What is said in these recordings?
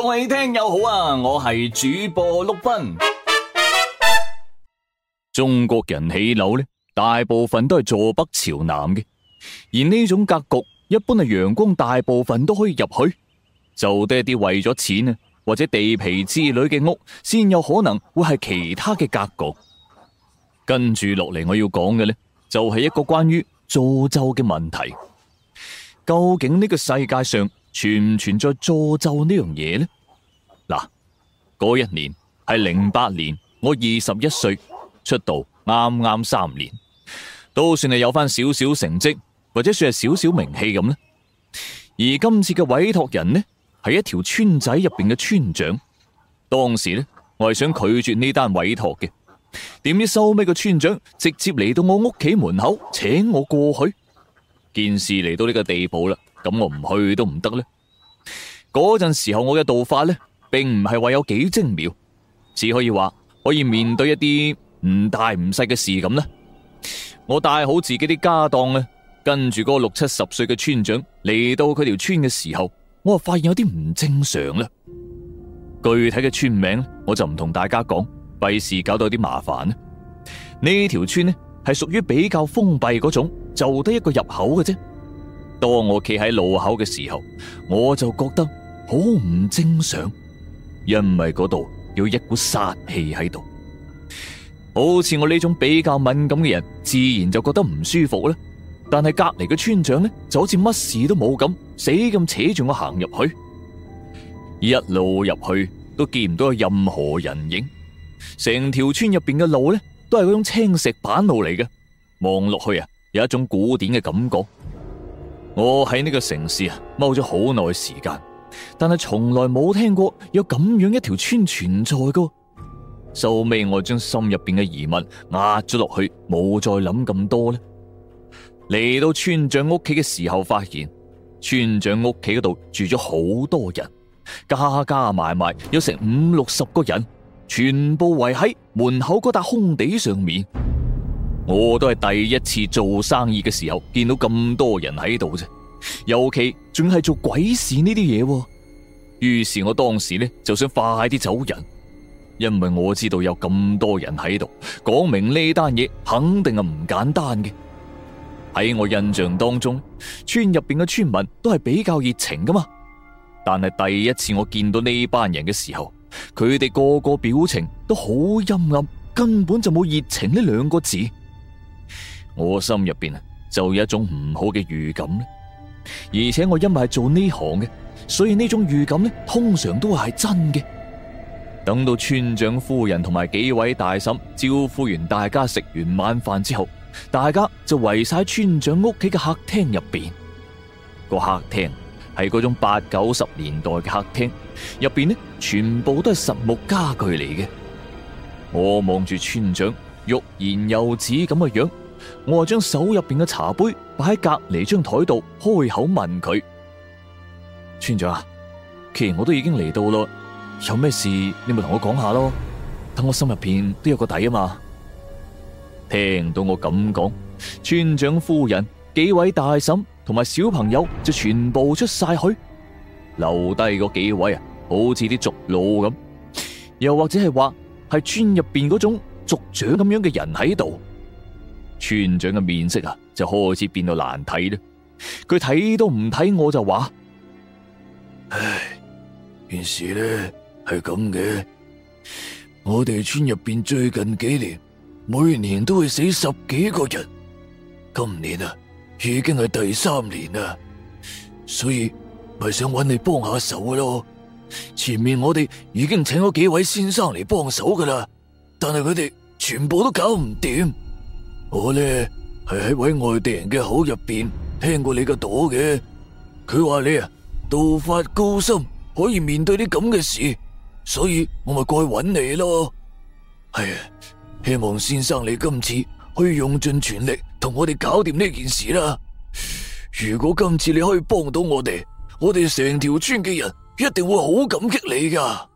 各位聽友好啊！我係主播碌斌。中國人起樓呢，大部分都係坐北朝南嘅，而呢種格局一般係，陽光大部分都可以入去。就得一啲為咗錢啊，或者地皮之類嘅屋，先有可能會係其他嘅格局。跟住落嚟我要講嘅呢，就係、是、一個關於造就嘅問題。究竟呢個世界上，存唔存在助咒呢樣嘢呢？嗱，嗰一年係零八年，我二十一歲出道，啱啱三年，都算係有翻少少成績，或者算係少少名氣咁呢。而今次嘅委託人呢，係一條村仔入邊嘅村長。當時呢，我係想拒絕呢單委託嘅，點知收尾個村長直接嚟到我屋企門口，請我過去，件事嚟到呢個地步啦。咁我唔去都唔得咧。嗰陣時候我嘅道法咧，並唔係話有幾精妙，只可以話可以面對一啲唔大唔細嘅事咁啦。我帶好自己啲家當咧，跟住個六七十歲嘅村長嚟到佢條村嘅時候，我就發現有啲唔正常啦。具體嘅村名我就唔同大家講，費事搞到有啲麻煩。呢條村呢，係屬於比較封閉嗰種，就得一個入口嘅啫。當我企喺路口嘅時候，我就覺得好唔正常，因為嗰度有一股殺氣喺度，好似我呢種比較敏感嘅人，自然就覺得唔舒服啦。但係隔籬嘅村長呢，就好似乜事都冇咁，死咁扯住我行入去，一路入去都見唔到有任何人影，成條村入邊嘅路呢，都係嗰種青石板路嚟嘅，望落去啊，有一種古典嘅感覺。我喺呢個城市啊，踎咗好耐時間，但係從來冇聽過有咁樣一條村存在噶。收尾我將心入邊嘅疑問壓咗落去，冇再諗咁多咧。嚟到村長屋企嘅時候，發現村長屋企嗰度住咗好多人，加加埋埋有成五六十個人，全部圍喺門口嗰笪空地上面。我都係第一次做生意嘅時候見到咁多人喺度啫，尤其仲係做鬼事呢啲嘢。於是我當時呢，就想快啲走人，因為我知道有咁多人喺度，講明呢單嘢肯定係唔簡單嘅。喺我印象當中，村入邊嘅村民都係比較熱情噶嘛但係第一次我見到呢班人嘅時候，佢哋個個表情都好陰暗，根本就冇熱情呢兩個字。我心入邊啊，就有一種唔好嘅預感咧。而且我因為係做呢行嘅，所以呢種預感咧，通常都係真嘅。等到村長夫人同埋幾位大嬸招呼完大家食完晚飯之後，大家就圍晒喺村長屋企嘅客廳入邊。個客廳係嗰種八九十年代嘅客廳，入邊咧全部都係實木家具嚟嘅。我望住村長，欲言又止咁嘅樣。我就將手入邊嘅茶杯擺喺隔籬張台度，開口問佢：村長啊，既然我都已經嚟到咯，有咩事你咪同我講下咯，等我心入邊都有個底啊嘛。聽到我咁講，村長夫人、幾位大嬸同埋小朋友就全部出晒去，留低嗰幾位啊，好似啲族佬咁，又或者係話係村入邊嗰種族長咁樣嘅人喺度。村長嘅面色啊，就開始變到難睇咧。佢睇都唔睇我就，就話：唉，件事呢係咁嘅，我哋村入邊最近幾年，每年都會死十幾個人，今年啊已經係第三年啦，所以咪想揾你幫下手咯。前面我哋已經請咗幾位先生嚟幫手噶啦，但係佢哋全部都搞唔掂。我呢，係喺位外地人嘅口入邊聽過你嘅朵嘅，佢話你啊，道法高深，可以面對啲咁嘅事，所以我咪過去揾你咯。係啊，希望先生你今次可以用盡全力同我哋搞掂呢件事啦。如果今次你可以幫到我哋，我哋成條村嘅人一定會好感激你噶。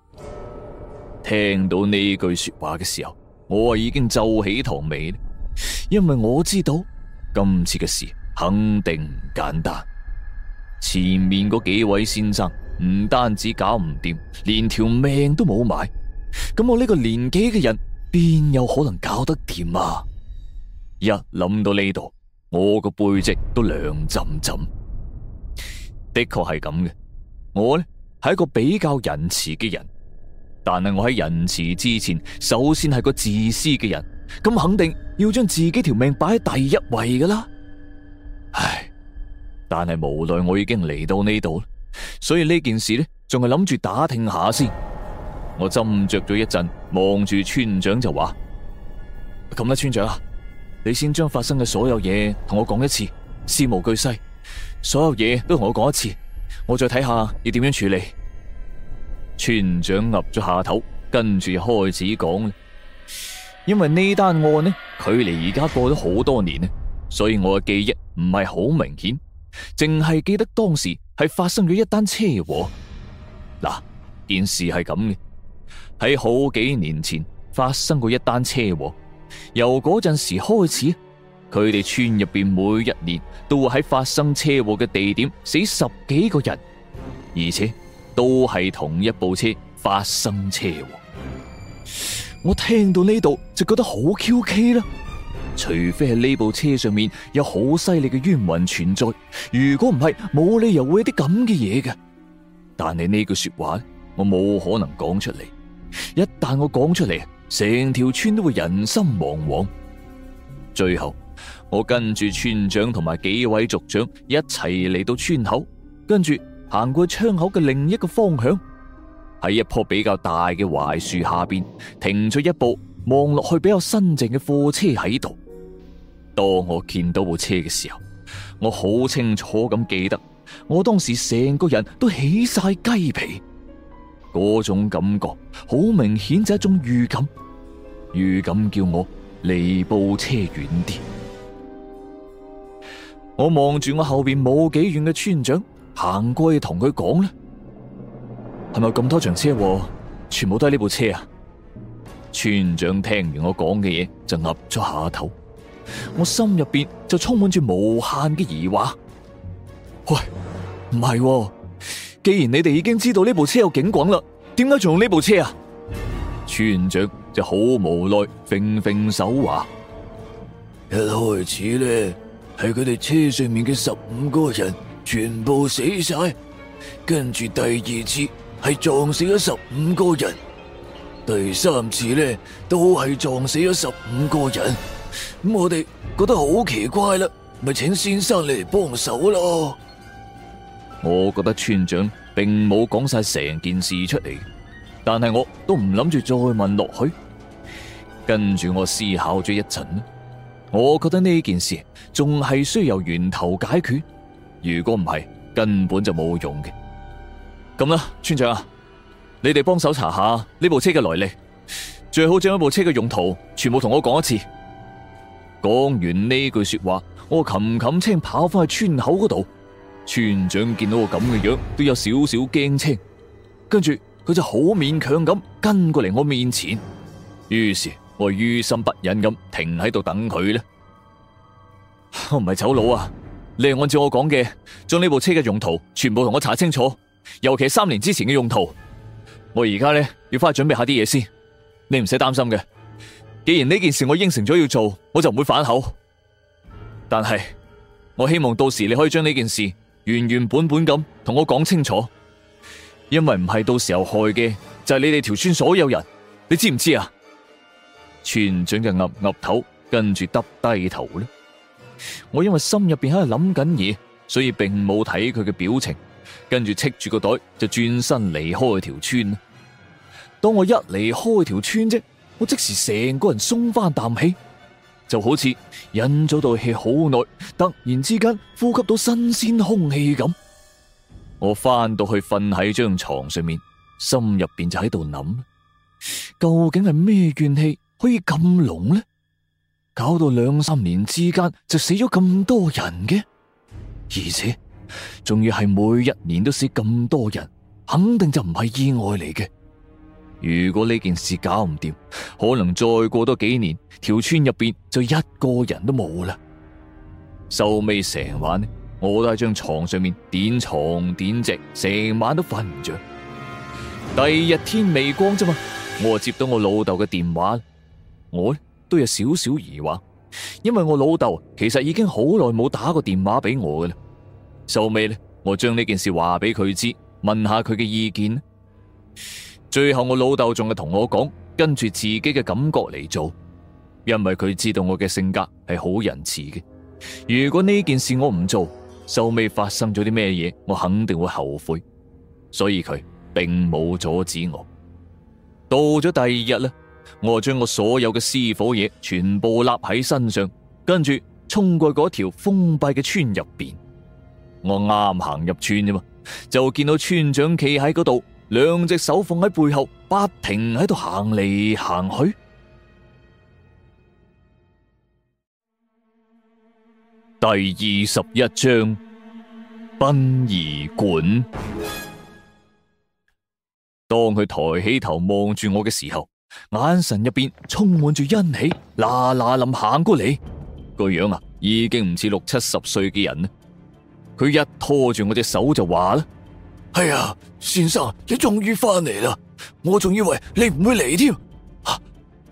聽到呢句說話嘅時候，我啊已經皺起眉頭。因為我知道今次嘅事肯定唔簡單，前面嗰幾位先生唔單止搞唔掂，連條命都冇埋，咁我呢個年紀嘅人邊有可能搞得掂啊？一諗到呢度，我個背脊都涼浸浸。的確係咁嘅，我呢係一個比較仁慈嘅人，但係我喺仁慈之前，首先係個自私嘅人。咁肯定要將自己條命擺喺第一位噶啦，唉！但係無奈我已經嚟到呢度，所以呢件事呢，仲係諗住打聽下先。我斟酌咗一陣，望住村長就話，咁啦，村長啊，你先將發生嘅所有嘢同我講一次，事無巨細，所有嘢都同我講一次，我再睇下要點樣處理。村長岌咗下頭，跟住開始講。因為呢單案呢，距離而家過咗好多年，所以我嘅記憶唔係好明顯，淨係記得當時係發生咗一單車禍。嗱、啊，件事係咁嘅，喺好幾年前發生過一單車禍，由嗰陣時開始，佢哋村入邊每一年都會喺發生車禍嘅地點死十幾個人，而且都係同一部車發生車禍。我聽到呢度就覺得好蹊蹺啦，除非係呢部車上面有好犀利嘅冤魂存在，如果唔係，冇理由會有啲咁嘅嘢嘅。但係呢句說話，我冇可能講出嚟。一旦我講出嚟，成條村都會人心惶惶。最後，我跟住村長同埋幾位族長一齊嚟到村口，跟住行過窗口嘅另一個方向。喺一棵比較大嘅槐樹下邊，停咗一部望落去比較新淨嘅貨車喺度。當我見到部車嘅時候，我好清楚咁記得，我當時成個人都起晒雞皮，嗰種感覺好明顯，就一種預感。預感叫我離部車遠啲。我望住我後邊冇幾遠嘅村長行過去同佢講咧，係咪咁多場車禍、啊、全部都係呢部車啊？村長聽完我講嘅嘢就岌咗下頭，我心入邊就充滿住無限嘅疑惑。喂，唔係、啊，既然你哋已經知道呢部車有警棍啦，點解仲用呢部車啊？村長就好無奈，揈揈手話：一開始咧，係佢哋車上面嘅十五個人全部死晒，跟住第二次。係撞死咗十五個人，第三次咧都係撞死咗十五個人，咁、嗯、我哋覺得好奇怪啦，咪請先生嚟幫手咯。我覺得村長並冇講晒成件事出嚟，但係我都唔諗住再問落去。跟住我思考咗一陣，我覺得呢件事仲係需要由源頭解決，如果唔係，根本就冇用嘅。咁啦，村長啊，你哋幫手查下呢部車嘅來歷，最好將一部車嘅用途全部同我講一次。講完呢句說話，我擒擒青跑翻去村口嗰度。村長見到我咁嘅樣，都有少少驚青，跟住佢就好勉強咁跟過嚟我面前。於是我於心不忍咁停喺度等佢咧。我唔係走佬啊，你係按照我講嘅，將呢部車嘅用途全部同我查清楚。尤其係三年之前嘅用途，我而家咧，要翻去準備一下啲嘢先，你唔使擔心嘅。既然呢件事我應承咗要做，我就唔會反口。但係我希望到時你可以將呢件事原原本本咁同我講清楚，因為唔係到時候害嘅就係你哋條村所有人，你知唔知啊？村長就岌岌頭，跟住耷低頭啦。我因為心入邊喺度諗緊嘢，所以並冇睇佢嘅表情。跟住，戚住個袋就轉身離開條村。當我一離開條村啫，我即時成個人鬆翻啖氣，就好似忍咗道氣好耐，突然之間呼吸到新鮮空氣咁。我翻到去瞓喺張床上面，心入邊就喺度諗：究竟係咩怨氣可以咁濃呢？搞到兩三年之間就死咗咁多人嘅，而且。仲要係每一年都死咁多人，肯定就唔係意外嚟嘅。如果呢件事搞唔掂，可能再過多幾年，條村入邊就一個人都冇啦。收尾成晚呢，我都喺張床上面點床點席，成晚都瞓唔着。第二日天微光啫嘛，我就接到我老豆嘅電話。我呢都有少少疑惑，因為我老豆其實已經好耐冇打過電話俾我嘅啦。收尾呢，我將呢件事話俾佢知，問下佢嘅意見。最後我老豆仲係同我講，跟住自己嘅感覺嚟做，因為佢知道我嘅性格係好仁慈嘅。如果呢件事我唔做，收尾發生咗啲咩嘢，我肯定會後悔。所以佢並冇阻止我。到咗第二日呢，我將我所有嘅私伙嘢全部立喺身上，跟住衝過嗰條封閉嘅村入邊。我啱行入村啫嘛，就見到村長企喺嗰度，兩隻手放喺背後，不停喺度行嚟行去。第二十一章：殯儀館。當佢抬起頭望住我嘅時候，眼神入邊充滿住欣喜，嗱嗱臨行過嚟，個樣啊，已經唔似六七十歲嘅人佢一拖住我隻手就話啦：係啊、哎，先生，你終於翻嚟啦！我仲以為你唔會嚟添。呢、啊、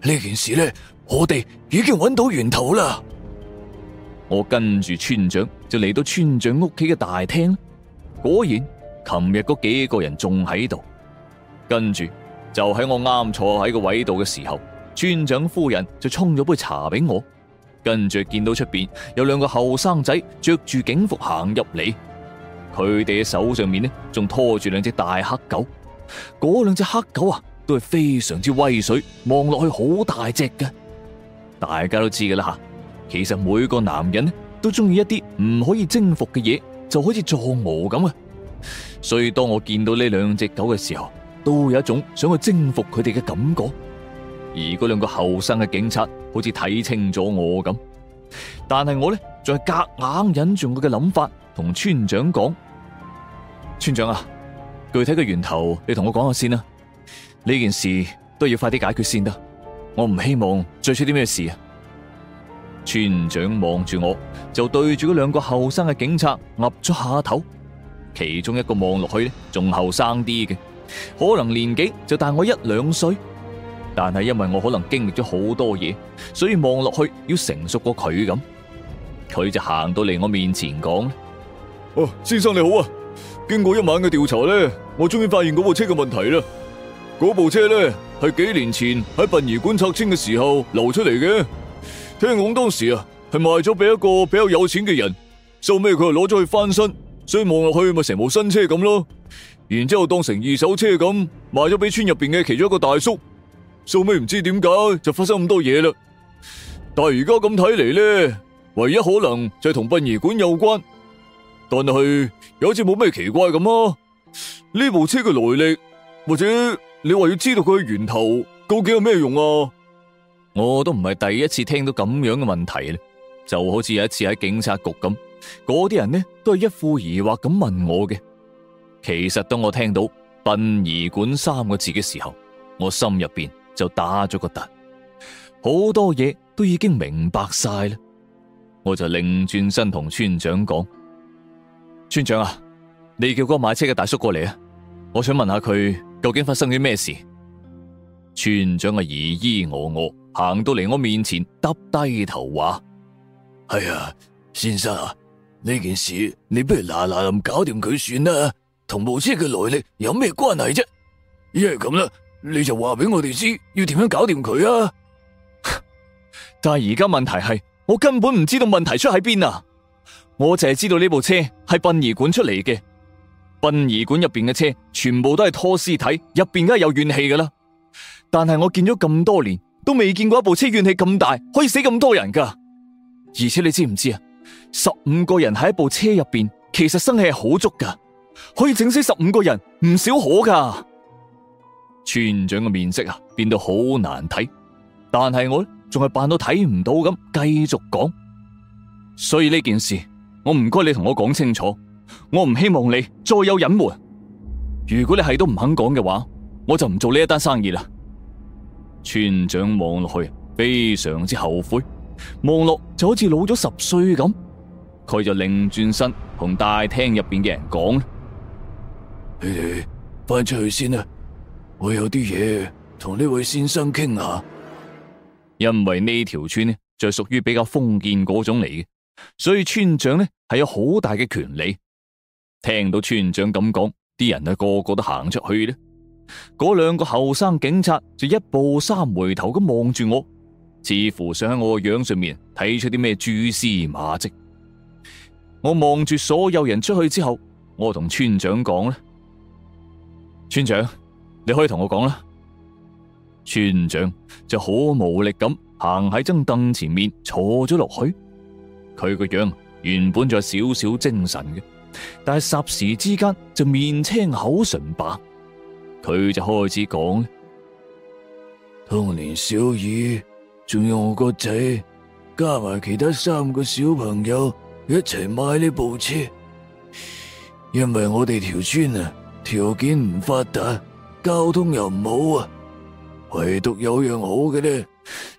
件事咧，我哋已經揾到源頭啦。我跟住村長就嚟到村長屋企嘅大廳，果然琴日嗰幾個人仲喺度。跟住就喺我啱坐喺個位度嘅時候，村長夫人就沖咗杯茶俾我。跟住見到出邊有兩個後生仔着住警服行入嚟，佢哋嘅手上面呢，仲拖住兩隻大黑狗。嗰、那個、兩隻黑狗啊，都係非常之威水，望落去好大隻嘅。大家都知㗎啦吓，其實每個男人呢都中意一啲唔可以征服嘅嘢，就好似藏獒咁啊。所以當我見到呢兩隻狗嘅時候，都有一種想去征服佢哋嘅感覺。而嗰兩個後生嘅警察好似睇清咗我咁，但係我咧仲係夾硬忍住我嘅諗法，同村長講：村長啊，具體嘅源頭你同我講下先啦，呢件事都要快啲解決先得，我唔希望再出啲咩事啊！村長望住我，就對住嗰兩個後生嘅警察岌咗下頭，其中一個望落去咧，仲後生啲嘅，可能年紀就大我一兩歲。但係因為我可能經歷咗好多嘢，所以望落去要成熟過佢咁，佢就行到嚟我面前講：哦，先生你好啊！經過一晚嘅調查咧，我終於發現嗰部車嘅問題啦。嗰部車咧係幾年前喺殯儀館拆遷嘅時候流出嚟嘅。聽講當時啊係賣咗俾一個比較有錢嘅人，收尾佢又攞咗去翻身，所以望落去咪成部新車咁咯。然之後當成二手車咁賣咗俾村入邊嘅其中一個大叔。數尾唔知點解就發生咁多嘢啦，但係而家咁睇嚟，咧，唯一可能就係同殯儀館有關，但係又好似冇咩奇怪咁啊！呢部車嘅來歷，或者你話要知道佢嘅源頭，究竟有咩用啊？我都唔係第一次聽到咁樣嘅問題啦，就好似有一次喺警察局咁，嗰啲人呢都係一副疑惑咁問我嘅。其實當我聽到殯儀館三個字嘅時候，我心入邊。就打咗個突，好多嘢都已經明白晒啦。我就擰轉身同村長講：村長啊，你叫個買車嘅大叔過嚟啊，我想問下佢究竟發生咗咩事。村長啊，依依我我行到嚟我面前，耷低頭話：係啊、哎，先生啊，呢件事你不如嗱嗱咁搞掂佢算啦，同部車嘅來歷有咩關係啫？一係咁啦。你就話俾我哋知要點樣搞掂佢啊！但係而家問題係，我根本唔知道問題出喺邊啊！我淨係知道呢部車係殯儀館出嚟嘅，殯儀館入邊嘅車全部都係拖屍體，入邊梗係有怨氣噶啦。但係我見咗咁多年，都未見過一部車怨氣咁大，可以死咁多人噶。而且你知唔知啊？十五個人喺一部車入邊，其實生氣係好足噶，可以整死十五個人，唔少可噶。村長嘅面色啊，變到好難睇，但係我仲係扮到睇唔到咁，繼續講。所以呢件事，我唔該你同我講清楚，我唔希望你再有隱瞞。如果你係都唔肯講嘅話，我就唔做呢一單生意啦。村長望落去，非常之後悔，望落就好似老咗十歲咁。佢就擰轉身同大廳入邊嘅人講：你哋翻出去先啦。我有啲嘢同呢位先生傾下，因為呢條村呢就係屬於比較封建嗰種嚟嘅，所以村長呢係有好大嘅權力。聽到村長咁講，啲人呢個個都行出去呢。嗰兩個後生警察就一步三回頭咁望住我，似乎想喺我個樣上面睇出啲咩蛛絲馬跡。我望住所有人出去之後，我同村長講咧，村長。你可以同我講啦，村長就好無力咁行喺張凳前面坐咗落去。佢個樣原本就少少精神嘅，但係霎時之間就面青口唇白。佢就開始講啦，當年小二仲有我個仔，加埋其他三個小朋友一齊買呢部車，因為我哋條村啊條件唔發達。交通又唔好啊，唯獨有樣好嘅咧，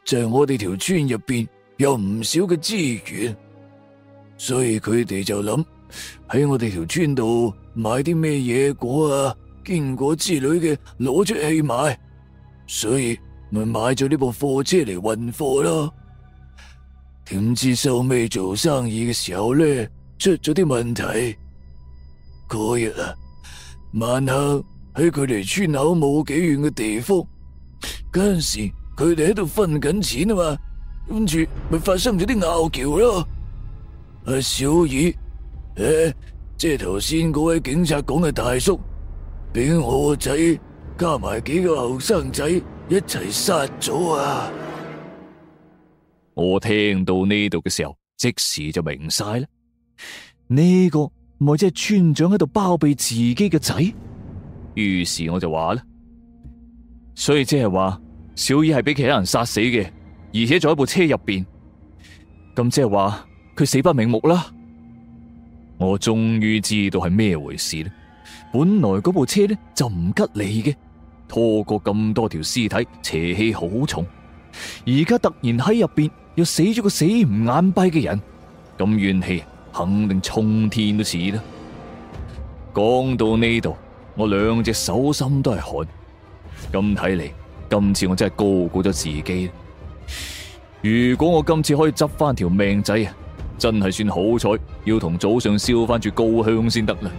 就係我哋條村入邊有唔少嘅資源，所以佢哋就諗喺我哋條村度買啲咩嘢果啊、堅果之類嘅攞出去賣，所以咪買咗呢部貨車嚟運貨咯。點知收尾做生意嘅時候咧，出咗啲問題，嗰日啊晚黑。喺佢哋村口冇幾遠嘅地方，嗰陣時佢哋喺度分緊錢啊嘛，跟住咪發生咗啲拗撬咯。阿小二，誒、欸，即係頭先嗰位警察講嘅大叔，俾我個仔加埋幾個後生仔一齊殺咗啊！我聽到呢度嘅時候，即時就明晒啦，呢、這個咪即係村長喺度包庇自己嘅仔？於是我就話啦，所以即係話小姨係俾其他人殺死嘅，而且仲喺部車入邊，咁即係話佢死不瞑目啦。我終於知道係咩回事啦。本來嗰部車呢就唔吉利嘅，拖過咁多條屍體，邪氣好重。而家突然喺入邊又死咗個死唔眼閉嘅人，咁怨氣肯定沖天都似啦。講到呢度。我兩隻手心都係汗，咁睇嚟，今次我真係高估咗自己。如果我今次可以執翻條命仔啊，真係算好彩，要同早上燒翻住高香先得啦。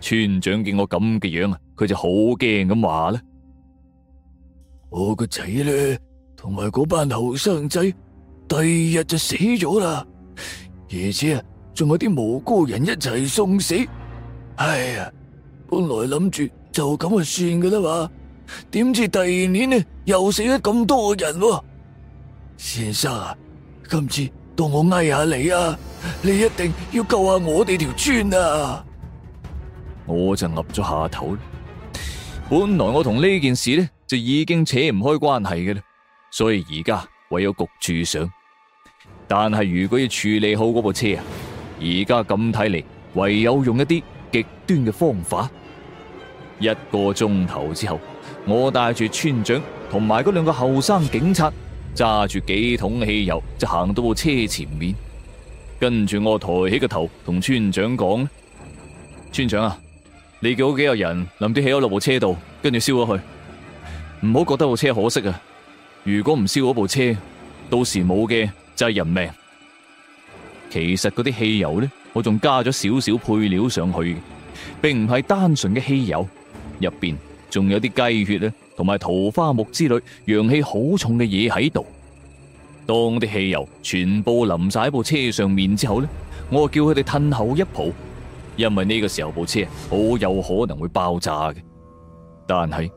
村長見我咁嘅樣啊，佢就好驚咁話咧，我個仔咧，同埋嗰班後生仔，第二日就死咗啦，而且啊，仲有啲無辜人一齊送死。哎呀！本來諗住就咁啊算噶啦嘛，點知第二年呢又死咗咁多人喎。先生啊，今次當我嗌下你啊，你一定要救下我哋條村啊！我就岌咗下頭。本來我同呢件事呢就已經扯唔開關係嘅啦，所以而家唯有局住上。但係如果要處理好嗰部車啊，而家咁睇嚟，唯有用一啲極端嘅方法。一個鐘頭之後，我帶住村長同埋嗰兩個後生警察，揸住幾桶汽油就行到部車前面。跟住我抬起個頭同村長講：，村長啊，你叫好幾個人淋啲汽油落部車度，跟住燒咗去，唔好覺得部車可惜啊。如果唔燒嗰部車，到時冇嘅就係人命。其實嗰啲汽油呢，我仲加咗少少配料上去，並唔係單純嘅汽油。入邊仲有啲雞血咧，同埋桃花木之類，陽氣好重嘅嘢喺度。當啲汽油全部淋晒喺部車上面之後咧，我叫佢哋褪後一步，因為呢個時候部車好有可能會爆炸嘅。但係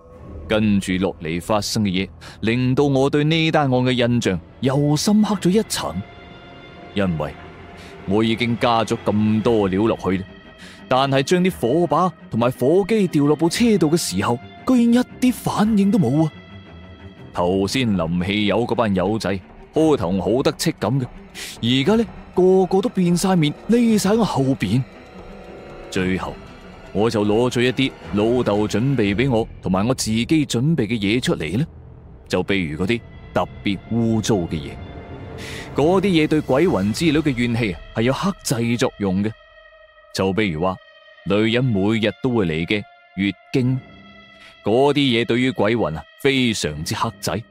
跟住落嚟發生嘅嘢，令到我對呢單案嘅印象又深刻咗一層，因為我已經加咗咁多料落去。但係將啲火把同埋火機掉落部車度嘅時候，居然一啲反應都冇啊！頭先淋汽油嗰班友仔，開頭好得戚咁嘅，而家咧個個都變晒面，匿晒喺我後邊。最後，我就攞咗一啲老豆準備俾我同埋我自己準備嘅嘢出嚟啦，就譬如嗰啲特別污糟嘅嘢，嗰啲嘢對鬼魂之類嘅怨氣係有克制作用嘅。就比如話，女人每日都會嚟嘅月經，嗰啲嘢對於鬼魂啊非常之黑仔。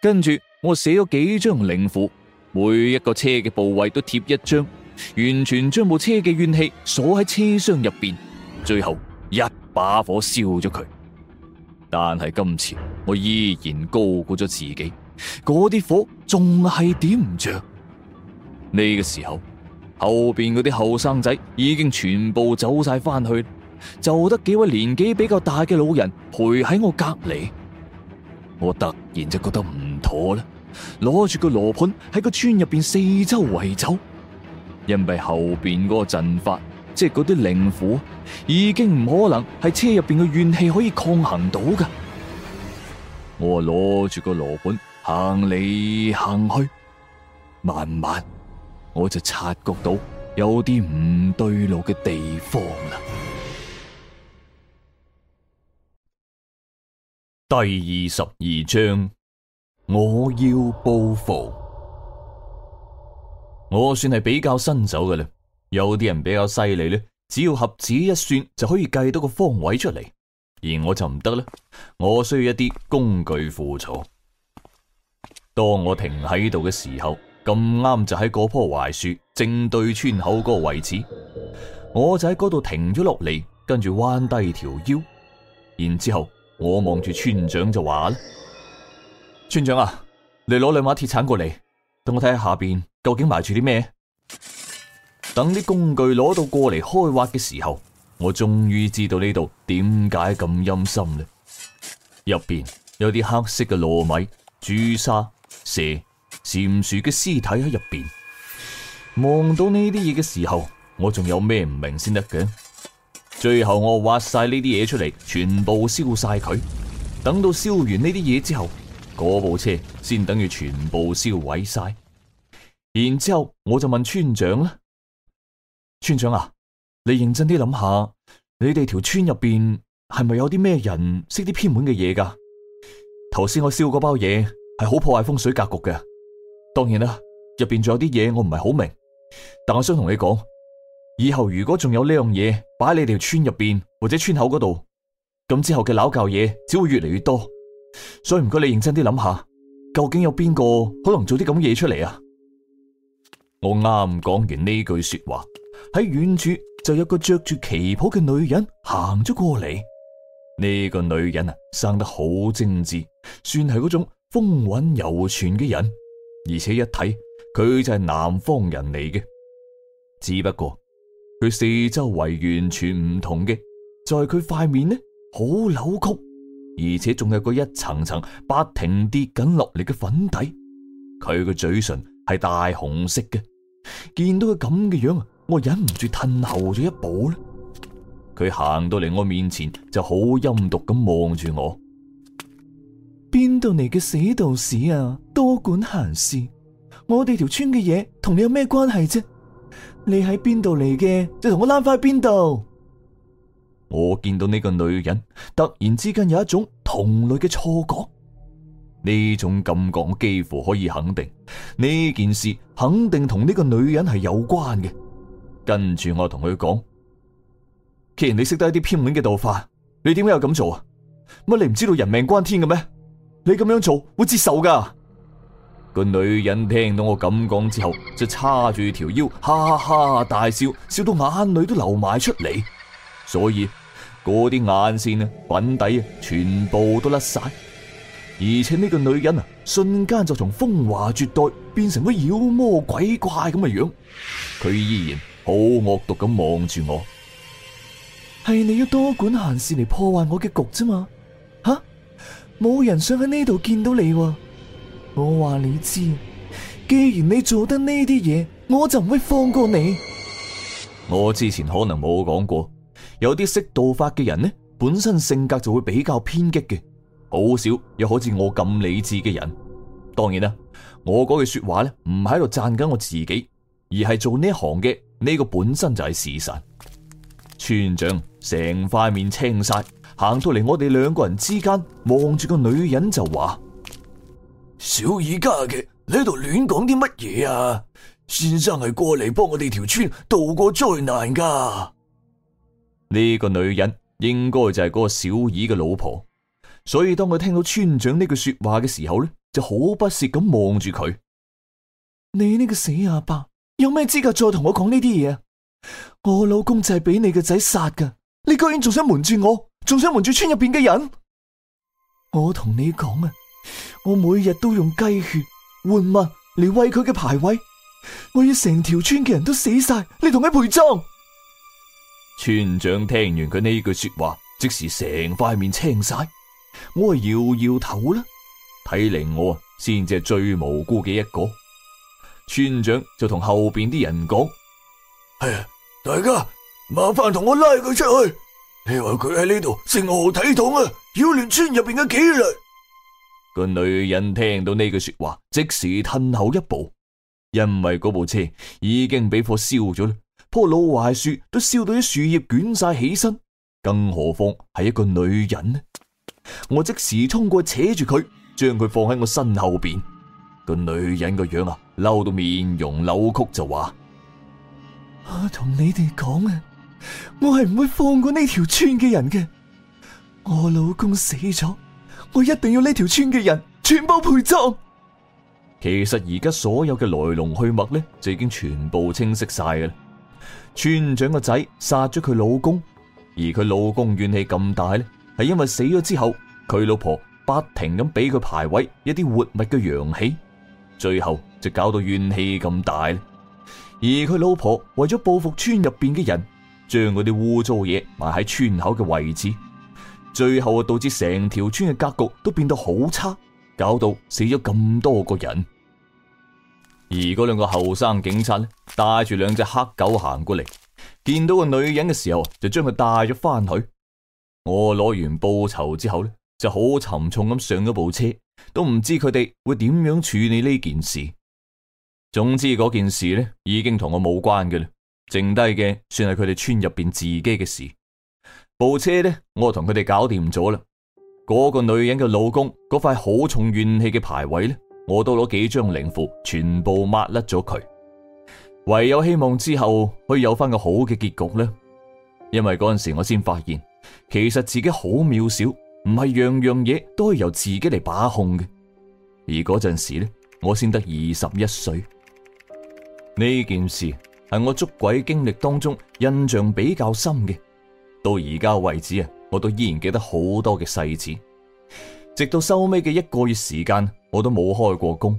跟住我寫咗幾張靈符，每一個車嘅部位都貼一張，完全將部車嘅怨氣鎖喺車廂入邊，最後一把火燒咗佢。但係今次我依然高估咗自己，嗰啲火仲係點唔着。呢個時候。後邊嗰啲後生仔已經全部走晒翻去，就得幾位年紀比較大嘅老人陪喺我隔籬。我突然就覺得唔妥啦，攞住個羅盤喺個村入邊四周圍走，因為後邊個陣法即係嗰啲靈符，已經唔可能係車入邊嘅怨氣可以抗衡到噶。我攞住個羅盤行嚟行去，慢慢。我就察覺到有啲唔對路嘅地方啦。第二十二章，我要報復。我算係比較新手嘅啦，有啲人比較犀利咧，只要合指一算就可以計到個方位出嚟，而我就唔得啦。我需要一啲工具輔助。當我停喺度嘅時候。咁啱就喺嗰棵槐樹正對村口嗰個位置，我就喺嗰度停咗落嚟，跟住彎低條腰，然之後我望住村長就話啦：村長啊，你攞兩把鐵鏟過嚟，等我睇下下邊究竟埋住啲咩。等啲工具攞到過嚟開挖嘅時候，我終於知道呢度點解咁陰森啦。入邊有啲黑色嘅糯米、朱砂、蛇。蟾蜍嘅屍體喺入邊，望到呢啲嘢嘅時候，我仲有咩唔明先得嘅？最後我挖晒呢啲嘢出嚟，全部燒晒佢。等到燒完呢啲嘢之後，嗰部車先等於全部燒毀晒。然之後我就問村長啦，村長啊，你認真啲諗下，你哋條村入邊係咪有啲咩人識啲偏門嘅嘢噶？頭先我燒嗰包嘢係好破壞風水格局嘅。當然啦，入邊仲有啲嘢，我唔係好明，但我想同你講，以後如果仲有呢樣嘢擺喺你條村入邊或者村口嗰度，咁之後嘅鬧教嘢只會越嚟越多，所以唔該你認真啲諗下，究竟有邊個可能做啲咁嘢出嚟啊？我啱講完呢句說話，喺遠處就有個着住旗袍嘅女人行咗過嚟。呢、呢個女人啊，生得好精緻，算係嗰種風韻猶存嘅人。而且一睇佢就係南方人嚟嘅，只不過佢四周圍完全唔同嘅，在佢塊面呢好扭曲，而且仲有個一層層不停跌緊落嚟嘅粉底，佢個嘴唇係大紅色嘅。見到佢咁嘅樣，我忍唔住褪後咗一步啦。佢行到嚟我面前就好陰毒咁望住我。邊度嚟嘅死道士啊！多管閒事，我哋條村嘅嘢同你有咩關係啫？你喺邊度嚟嘅，就同我攬翻去邊度。我見到呢個女人，突然之間有一種同類嘅錯覺。呢種感覺，我幾乎可以肯定，呢件事肯定同呢個女人係有關嘅。跟住我同佢講：既然你識得一啲偏門嘅道法，你點解又咁做啊？乜你唔知道人命關天嘅咩？你咁樣做會接受噶？個女人聽到我咁講之後，就叉住條腰，哈哈大笑，笑到眼淚都流埋出嚟。所以嗰啲眼線啊，粉底啊，全部都甩晒。而且呢個女人啊，瞬間就從風華絕代變成個妖魔鬼怪咁嘅樣。佢依然好惡毒咁望住我，係你要多管閒事嚟破壞我嘅局啫嘛。冇人想喺呢度見到你喎，啊，我話你知，既然你做得呢啲嘢，我就唔會放過你。我之前可能冇講過，有啲識道法嘅人呢，本身性格就會比較偏激嘅，好少有好似我咁理智嘅人。當然啦，我嗰句說話咧，唔喺度讚緊我自己，而係做呢行嘅呢，呢個本身就係事實。村長成塊面青晒。行到嚟，我哋兩個人之間望住個女人就話：小二家嘅，你喺度亂講啲乜嘢啊？先生係過嚟幫我哋條村度過災難噶呢個女人應該就係嗰個小二嘅老婆，所以當佢聽到村長呢句說話嘅時候咧，就好不屑咁望住佢。你呢個死阿伯，有咩資格再同我講呢啲嘢？我老公就係俾你個仔殺噶，你居然仲想瞞住我？仲想瞞住村入邊嘅人？我同你講啊，我每日都用雞血換物嚟餵佢嘅牌位，我要成條村嘅人都死晒，你同佢陪葬。村長聽完佢呢句說話，即時成塊面青晒，我係搖搖頭啦。睇嚟我啊，先至係最無辜嘅一個。村長就同後邊啲人講：係啊、哎，大家麻煩同我拉佢出去。你話佢喺呢度成何體統啊！擾亂村入邊嘅紀律。個女人聽到呢句說話，即時退後一步，因為嗰部車已經俾火燒咗啦，棵老槐樹都燒到啲樹葉捲晒起身，更何況係一個女人呢？我即時衝過扯住佢，將佢放喺我身後邊。個女人個樣啊，嬲到面容扭曲就，就話：啊，同你哋講啊！我係唔會放過呢條村嘅人嘅。我老公死咗，我一定要呢條村嘅人全部陪葬。其實而家所有嘅來龍去脈呢，就已經全部清晰晒嘅啦。村長個仔殺咗佢老公，而佢老公怨氣咁大呢，係因為死咗之後，佢老婆不停咁俾佢牌位一啲活物嘅陽氣，最後就搞到怨氣咁大。而佢老婆為咗報復村入邊嘅人。將嗰啲污糟嘢，埋喺村口嘅位置，最後啊，導致成條村嘅格局都變得好差，搞到死咗咁多個人。而嗰兩個後生警察咧，帶住兩隻黑狗行過嚟，見到個女人嘅時候就將佢帶咗翻去。我攞完報酬之後咧，就好沉重咁上咗部車，都唔知佢哋會點樣處理呢件事。總之嗰件事咧已經同我冇關嘅啦。剩低嘅算係佢哋村入邊自己嘅事，部車呢，我同佢哋搞掂咗啦。嗰個女人嘅老公嗰塊好重怨氣嘅牌位呢，我都攞幾張靈符全部抹甩咗佢。唯有希望之後可以有翻個好嘅結局呢。因為嗰陣時我先發現，其實自己好渺小，唔係樣樣嘢都係由自己嚟把控嘅。而嗰陣時呢，我先得二十一歲，呢件事。係我捉鬼經歷當中印象比較深嘅，到而家為止啊，我都依然記得好多嘅細節。直到收尾嘅一個月時間，我都冇開過工，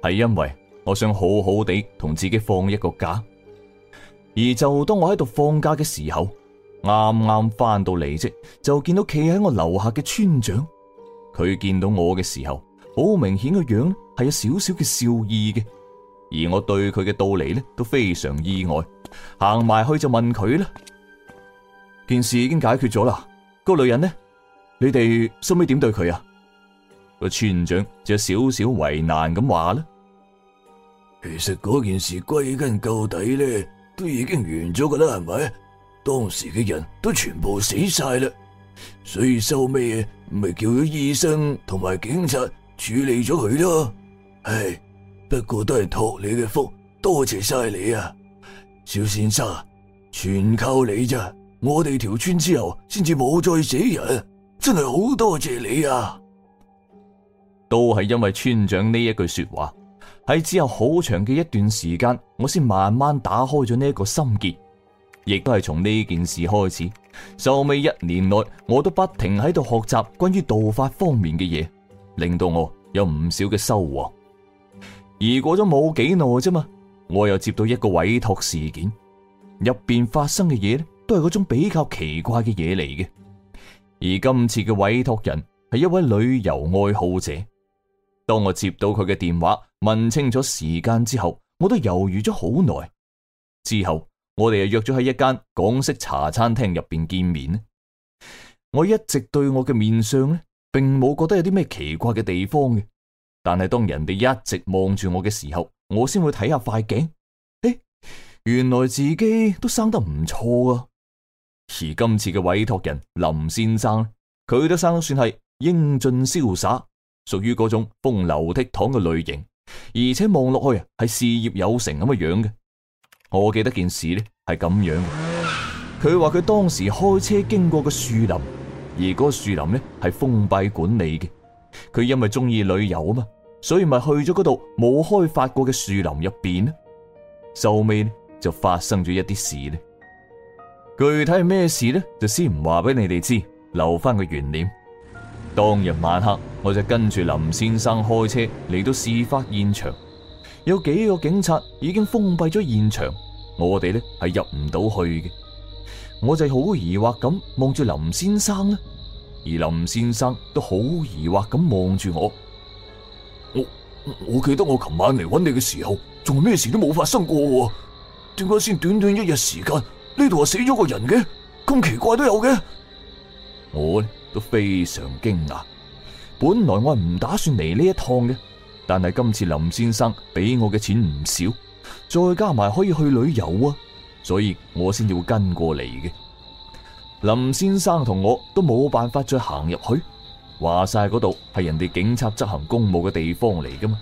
係因為我想好好地同自己放一個假。而就當我喺度放假嘅時候，啱啱翻到嚟啫，就見到企喺我樓下嘅村長，佢見到我嘅時候，好明顯嘅樣係有少少嘅笑意嘅。而我對佢嘅到嚟咧，都非常意外，行埋去就問佢啦。件事已經解決咗啦，個女人呢，你哋收尾點對佢啊？個村長就有少少為難咁話啦。其實嗰件事歸根究底咧，都已經完咗噶啦，係咪？當時嘅人都全部死晒啦，所以收尾嘢咪叫咗醫生同埋警察處理咗佢咯。係。不過都係託你嘅福，多謝晒你啊，小先生，全靠你咋，我哋條村之後先至冇再死人，真係好多謝你啊！都係因為村長呢一句說話，喺之後好長嘅一段時間，我先慢慢打開咗呢一個心結，亦都係從呢件事開始，後尾一年內我都不停喺度學習關於道法方面嘅嘢，令到我有唔少嘅收穫。而過咗冇幾耐啫嘛，我又接到一個委託事件，入邊發生嘅嘢咧，都係嗰種比較奇怪嘅嘢嚟嘅。而今次嘅委託人係一位旅遊愛好者。當我接到佢嘅電話，問清楚時間之後，我都猶豫咗好耐。之後我哋又約咗喺一間港式茶餐廳入邊見面。我一直對我嘅面相咧，並冇覺得有啲咩奇怪嘅地方嘅。但係當人哋一直望住我嘅時候，我先會睇下塊鏡。誒、欸，原來自己都生得唔錯啊！而今次嘅委託人林先生，佢都生得算係英俊瀟灑，屬於嗰種風流倜儻嘅類型。而且望落去啊，係事業有成咁嘅樣嘅。我記得件事呢係咁樣，佢話佢當時開車經過個樹林，而嗰個樹林呢係封閉管理嘅。佢因為中意旅遊啊嘛，所以咪去咗嗰度冇開發過嘅樹林入邊呢。收尾就發生咗一啲事呢，具體係咩事呢？就先唔話俾你哋知，留翻個懸念。當日晚黑，我就跟住林先生開車嚟到事發現場，有幾個警察已經封閉咗現場，我哋呢係入唔到去嘅。我就好疑惑咁望住林先生呢。而林先生都好疑惑咁望住我，我我記得我琴晚嚟搵你嘅時候，仲咩事都冇發生過啊，點解先短短一日時間呢度係死咗個人嘅，咁奇怪都有嘅？我咧都非常驚訝，本來我係唔打算嚟呢一趟嘅，但係今次林先生俾我嘅錢唔少，再加埋可以去旅遊啊，所以我先至會跟過嚟嘅。林先生同我都冇辦法再行入去，話晒嗰度係人哋警察執行公務嘅地方嚟㗎嘛？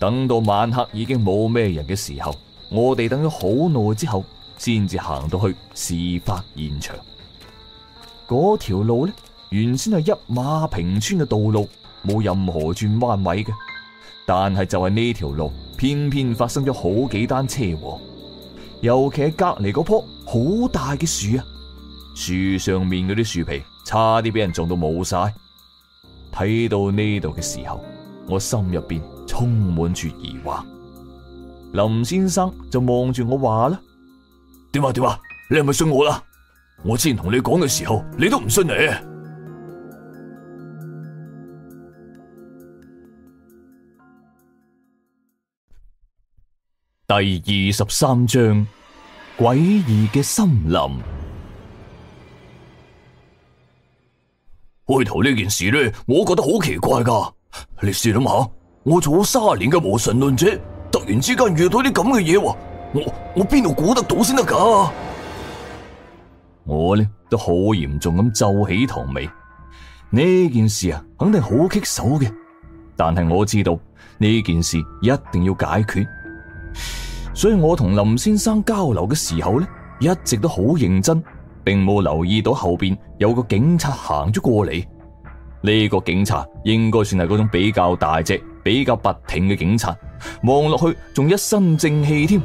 等到晚黑已經冇咩人嘅時候，我哋等咗好耐之後，先至行到去事發現場。嗰條路咧，原先係一馬平川嘅道路，冇任何轉彎位嘅。但係就係呢條路，偏偏發生咗好幾單車禍，尤其係隔籬嗰棵好大嘅樹啊！樹上面嗰啲樹皮差啲俾人撞到冇晒，睇到呢度嘅時候，我心入邊充滿住疑惑。林先生就望住我話啦：點啊點啊，你係咪信我啦？我之前同你講嘅時候，你都唔信你。第二十三章：詭異嘅森林。開頭呢件事咧，我覺得好奇怪噶。你試諗下，我做咗卅年嘅無神論者，突然之間遇到啲咁嘅嘢，我我邊度估得到先得噶？我咧都好嚴重咁皺起條眉。呢件事啊，肯定好棘手嘅。但係我知道呢件事一定要解決，所以我同林先生交流嘅時候咧，一直都好認真。並冇留意到後邊有個警察行咗過嚟，呢、這個警察應該算係嗰種比較大隻、比較筆挺嘅警察，望落去仲一身正氣添。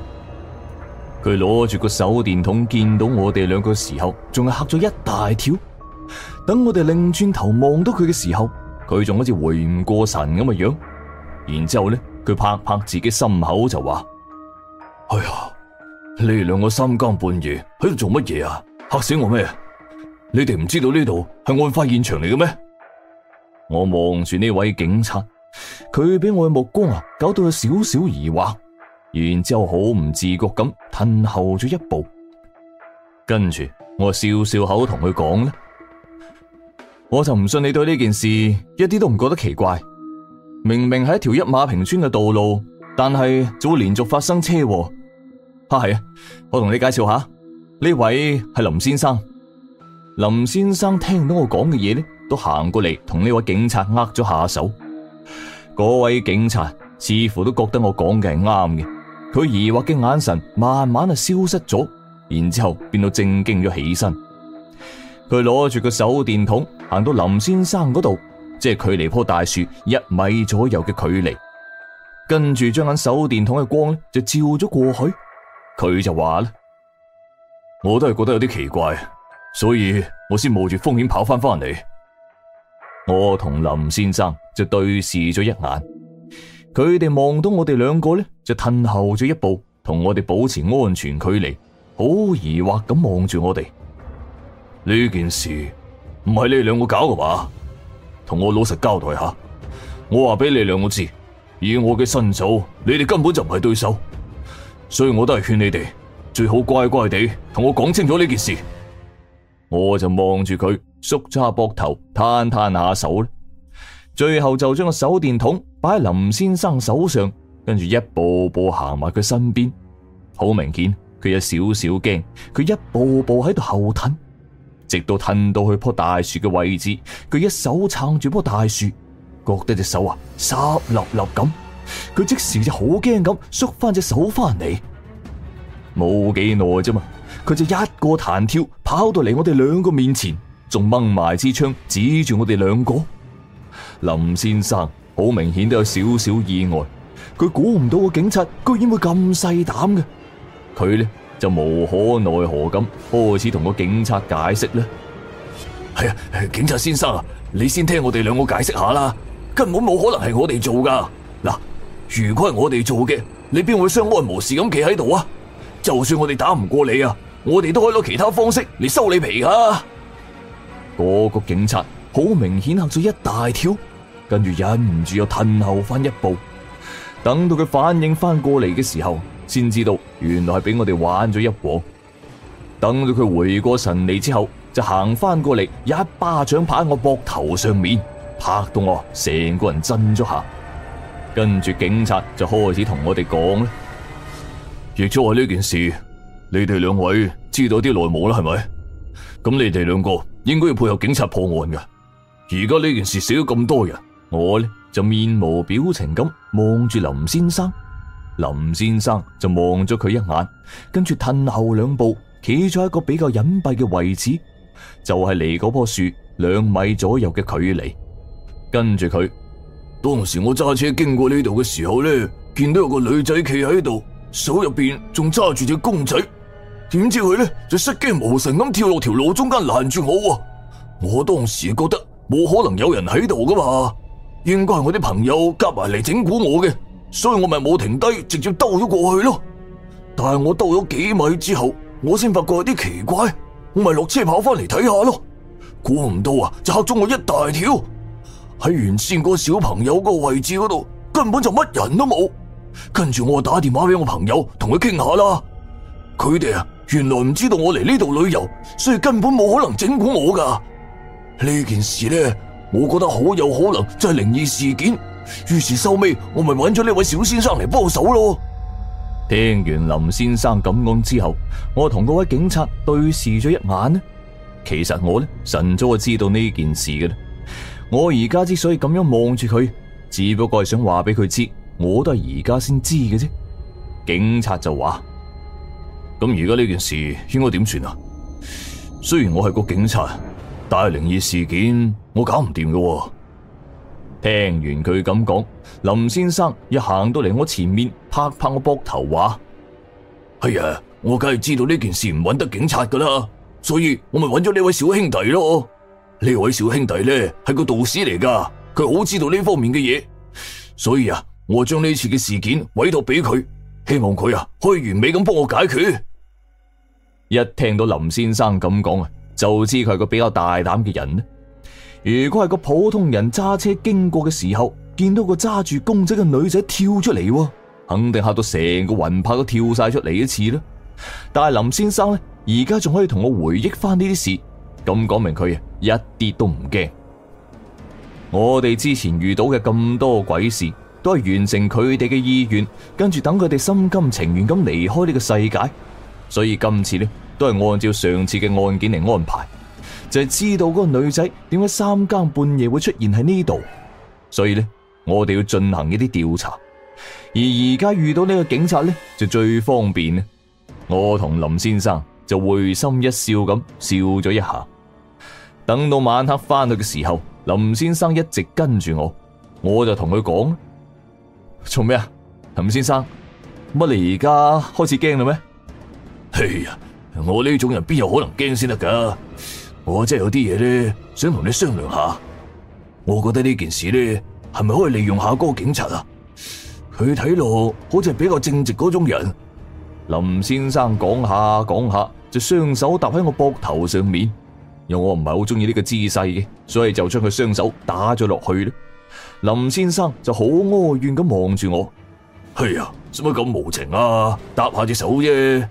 佢攞住個手電筒見到我哋兩個時候，仲係吓咗一大跳。等我哋擰轉頭望到佢嘅時候，佢仲好似回唔過神咁嘅樣。然之後呢，佢拍拍自己心口就話：，哎呀，你哋兩個三更半夜喺度做乜嘢啊？嚇死我咩？你哋唔知道呢度係案發現場嚟嘅咩？我望住呢位警察，佢俾我嘅目光啊，搞到有少少疑惑。然之後好唔自覺咁退後咗一步。跟住我笑笑口同佢講呢，我就唔信你對呢件事一啲都唔覺得奇怪。明明係一條一馬平川嘅道路，但係就會連續發生車禍。吓係啊，我同你介紹下。呢位係林先生，林先生聽到我講嘅嘢呢，都行過嚟同呢位警察握咗下手。嗰位警察似乎都覺得我講嘅係啱嘅，佢疑惑嘅眼神慢慢啊消失咗，然之後變到正經咗起身。佢攞住個手電筒行到林先生嗰度，即係距離棵大樹一米左右嘅距離，跟住將眼手電筒嘅光呢就照咗過去，佢就話啦。我都係覺得有啲奇怪，所以我先冒住風險跑翻翻嚟。我同林先生就對視咗一眼，佢哋望到我哋兩個呢，就退後咗一步，同我哋保持安全距離，好疑惑咁望住我哋。呢件事唔係你哋兩個搞嘅話，同我老實交代下。我話俾你兩個知，以我嘅身手，你哋根本就唔係對手，所以我都係勸你哋。最好乖乖地同我講清楚呢件事，我就望住佢，縮咗下膊頭，攤攤下手咧，最後就將個手電筒擺喺林先生手上，跟住一步步行埋佢身邊。好明顯，佢有少少驚，佢一步步喺度後褪，直到褪到去棵大樹嘅位置，佢一手撐住棵大樹，覺得隻手啊濕立立，咁佢即時就好驚咁縮翻隻手翻嚟。冇幾耐啫嘛，佢就一個彈跳跑到嚟我哋兩個面前，仲掹埋支槍指住我哋兩個。林先生好明顯都有少少意外，佢估唔到個警察居然會咁細膽嘅。佢咧就無可奈何咁開始同個警察解釋啦。係啊，啊，警察先生啊，你先聽我哋兩個解釋下啦。根本冇可能係我哋做噶。嗱，如果係我哋做嘅，你邊會相安無事咁企喺度啊？就算我哋打唔過你啊，我哋都可以攞其他方式嚟收你皮啊！嗰個警察好明顯吓咗一大跳，跟住忍唔住又退後翻一步。等到佢反應翻過嚟嘅時候，先知道原來係俾我哋玩咗一鑊。等到佢回過神嚟之後，就行翻過嚟一巴掌拍喺我膊頭上面，拍到我成個人震咗下。跟住警察就開始同我哋講。亦都係呢件事，你哋兩位知道啲內幕啦，係咪？咁你哋兩個應該要配合警察破案嘅。而家呢件事死咗咁多人，我呢就面無表情咁望住林先生，林先生就望咗佢一眼，跟住褪後兩步，企咗一個比較隱蔽嘅位置，就係離嗰棵樹兩米左右嘅距離。跟住佢，當時我揸車經過呢度嘅時候咧，見到有個女仔企喺度。手入邊仲揸住隻公仔，點知佢咧就失驚無神咁跳落條路中間攔住我啊！我當時覺得冇可能有人喺度噶嘛，應該係我啲朋友夾埋嚟整蠱我嘅，所以我咪冇停低，直接兜咗過去咯。但係我兜咗幾米之後，我先發覺有啲奇怪，我咪落車跑翻嚟睇下咯。估唔到啊，就嚇咗我一大跳，喺原先個小朋友個位置嗰度根本就乜人都冇。跟住我打電話俾我朋友，同佢傾下啦。佢哋啊，原來唔知道我嚟呢度旅遊，所以根本冇可能整蠱我噶。呢件事呢，我覺得好有可能真係靈異事件。於是收尾，我咪揾咗呢位小先生嚟幫手咯。聽完林先生咁講之後，我同嗰位警察對視咗一眼咧。其實我呢，神早就知道呢件事嘅啦。我而家之所以咁樣望住佢，只不過係想話俾佢知。我都係而家先知嘅啫，警察就話：咁而家呢件事應該點算啊？雖然我係個警察，但係靈異事件我搞唔掂嘅。聽完佢咁講，林先生一行到嚟我前面拍拍我膊頭話：係啊、哎，我梗係知道呢件事唔揾得警察噶啦，所以我咪揾咗呢位小兄弟咯。呢位小兄弟咧，係個道士嚟噶，佢好知道呢方面嘅嘢，所以啊。.我將呢次嘅事件委託俾佢，希望佢啊可以完美咁幫我解決。一聽到林先生咁講啊，就知佢係個比較大膽嘅人呢。如果係個普通人揸車經過嘅時候，見到個揸住公仔嘅女仔跳出嚟，肯定嚇到成個魂魄都跳晒出嚟一次啦。但係林先生呢，而家仲可以同我回憶翻呢啲事，咁講明佢啊一啲都唔驚。 我哋之前遇到嘅咁多鬼事。都係完成佢哋嘅意願，跟住等佢哋心甘情願咁離開呢個世界。所以今次呢，都係按照上次嘅案件嚟安排，就係知道嗰個女仔點解三更半夜會出現喺呢度。所以呢，我哋要進行一啲調查。而而家遇到呢個警察呢，就最方便呢，我同林先生就會心一笑咁笑咗一下。等到晚黑翻去嘅時候，林先生一直跟住我，我就同佢講。做咩啊，林先生？乜你而家開始驚啦咩？哎呀，我呢種人邊有可能驚先得噶？我真係有啲嘢咧，想同你商量下。我覺得呢件事咧，係咪可以利用下嗰個警察啊？佢睇落好似係比較正直嗰種人。林先生講下講下，就雙手搭喺我膊頭上面。因我唔係好中意呢個姿勢嘅，所以就將佢雙手打咗落去啦。林先生就好哀怨咁望住我，係啊、哎，做乜咁無情啊？搭下隻手啫。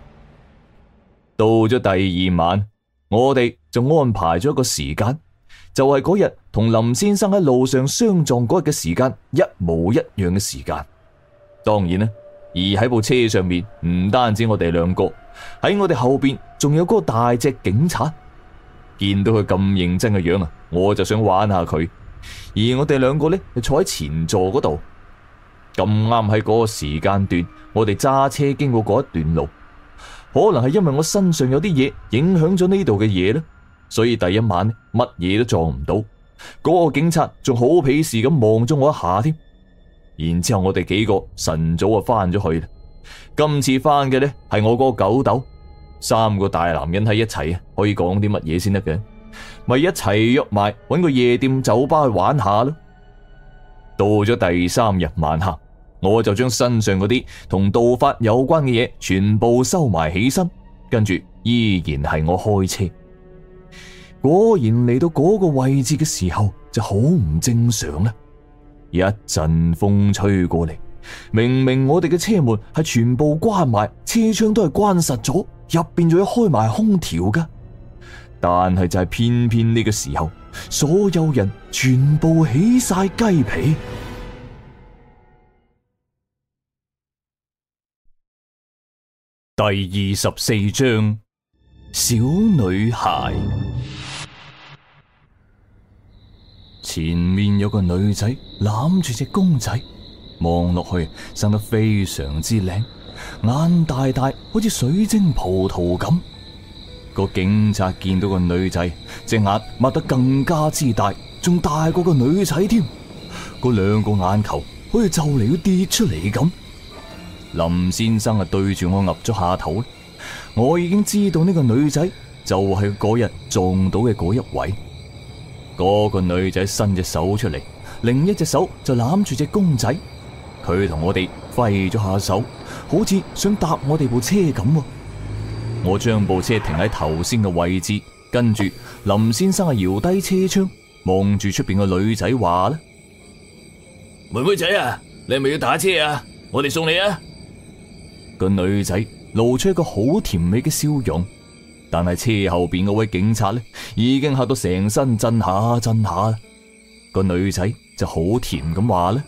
到咗第二晚，我哋就安排咗一個時間，就係嗰日同林先生喺路上相撞嗰日嘅時間一模一樣嘅時間。當然啦，而喺部車上面唔單止我哋兩個，喺我哋後邊仲有嗰個大隻警察。見到佢咁認真嘅樣啊，我就想玩下佢。而我哋兩個咧就坐喺前座嗰度，咁啱喺嗰個時間段，我哋揸車經過嗰一段路，可能係因為我身上有啲嘢影響咗呢度嘅嘢咧，所以第一晚乜嘢都撞唔到。嗰個警察仲好鄙視咁望咗我一下添。然之後我哋幾個晨早啊翻咗去啦。今次翻嘅咧係我嗰個狗豆，三個大男人喺一齊啊，可以講啲乜嘢先得嘅。咪一齊約埋，搵個夜店酒吧去玩下囉。到咗第三日晚黑，我就將身上嗰啲同道法有關嘅嘢全部收埋起身，跟住依然係我開車。果然嚟到嗰個位置嘅時候就好唔正常啦！一陣風吹過嚟，明明我哋嘅車門係全部關埋，車窗都係關實咗，入邊仲要開埋空調噶。但係就係偏偏呢個時候，所有人全部起晒雞皮。第二十四章，小女孩前面有個女仔攬住隻公仔，望落去生得非常之靚，眼大大好似水晶葡萄咁。個警察見到個女仔，隻眼擘得更加之大，仲大過個女仔添。嗰兩個眼球，好似就嚟要跌出嚟咁。林先生啊，對住我岌咗下頭。我已經知道呢個女仔就係嗰日撞到嘅嗰一位。嗰個女仔伸隻手出嚟，另一隻手就攬住隻公仔。佢同我哋揮咗下手，好似想搭我哋部車咁。我將部車停喺頭先嘅位置，跟住林先生搖低車窗，望住出邊嘅女仔話啦：妹妹仔啊，你係咪要打車啊？我哋送你啊！個女仔露出一個好甜美嘅笑容，但係車後邊嗰位警察呢，已經嚇到成身震下震下。個女仔就好甜咁話啦：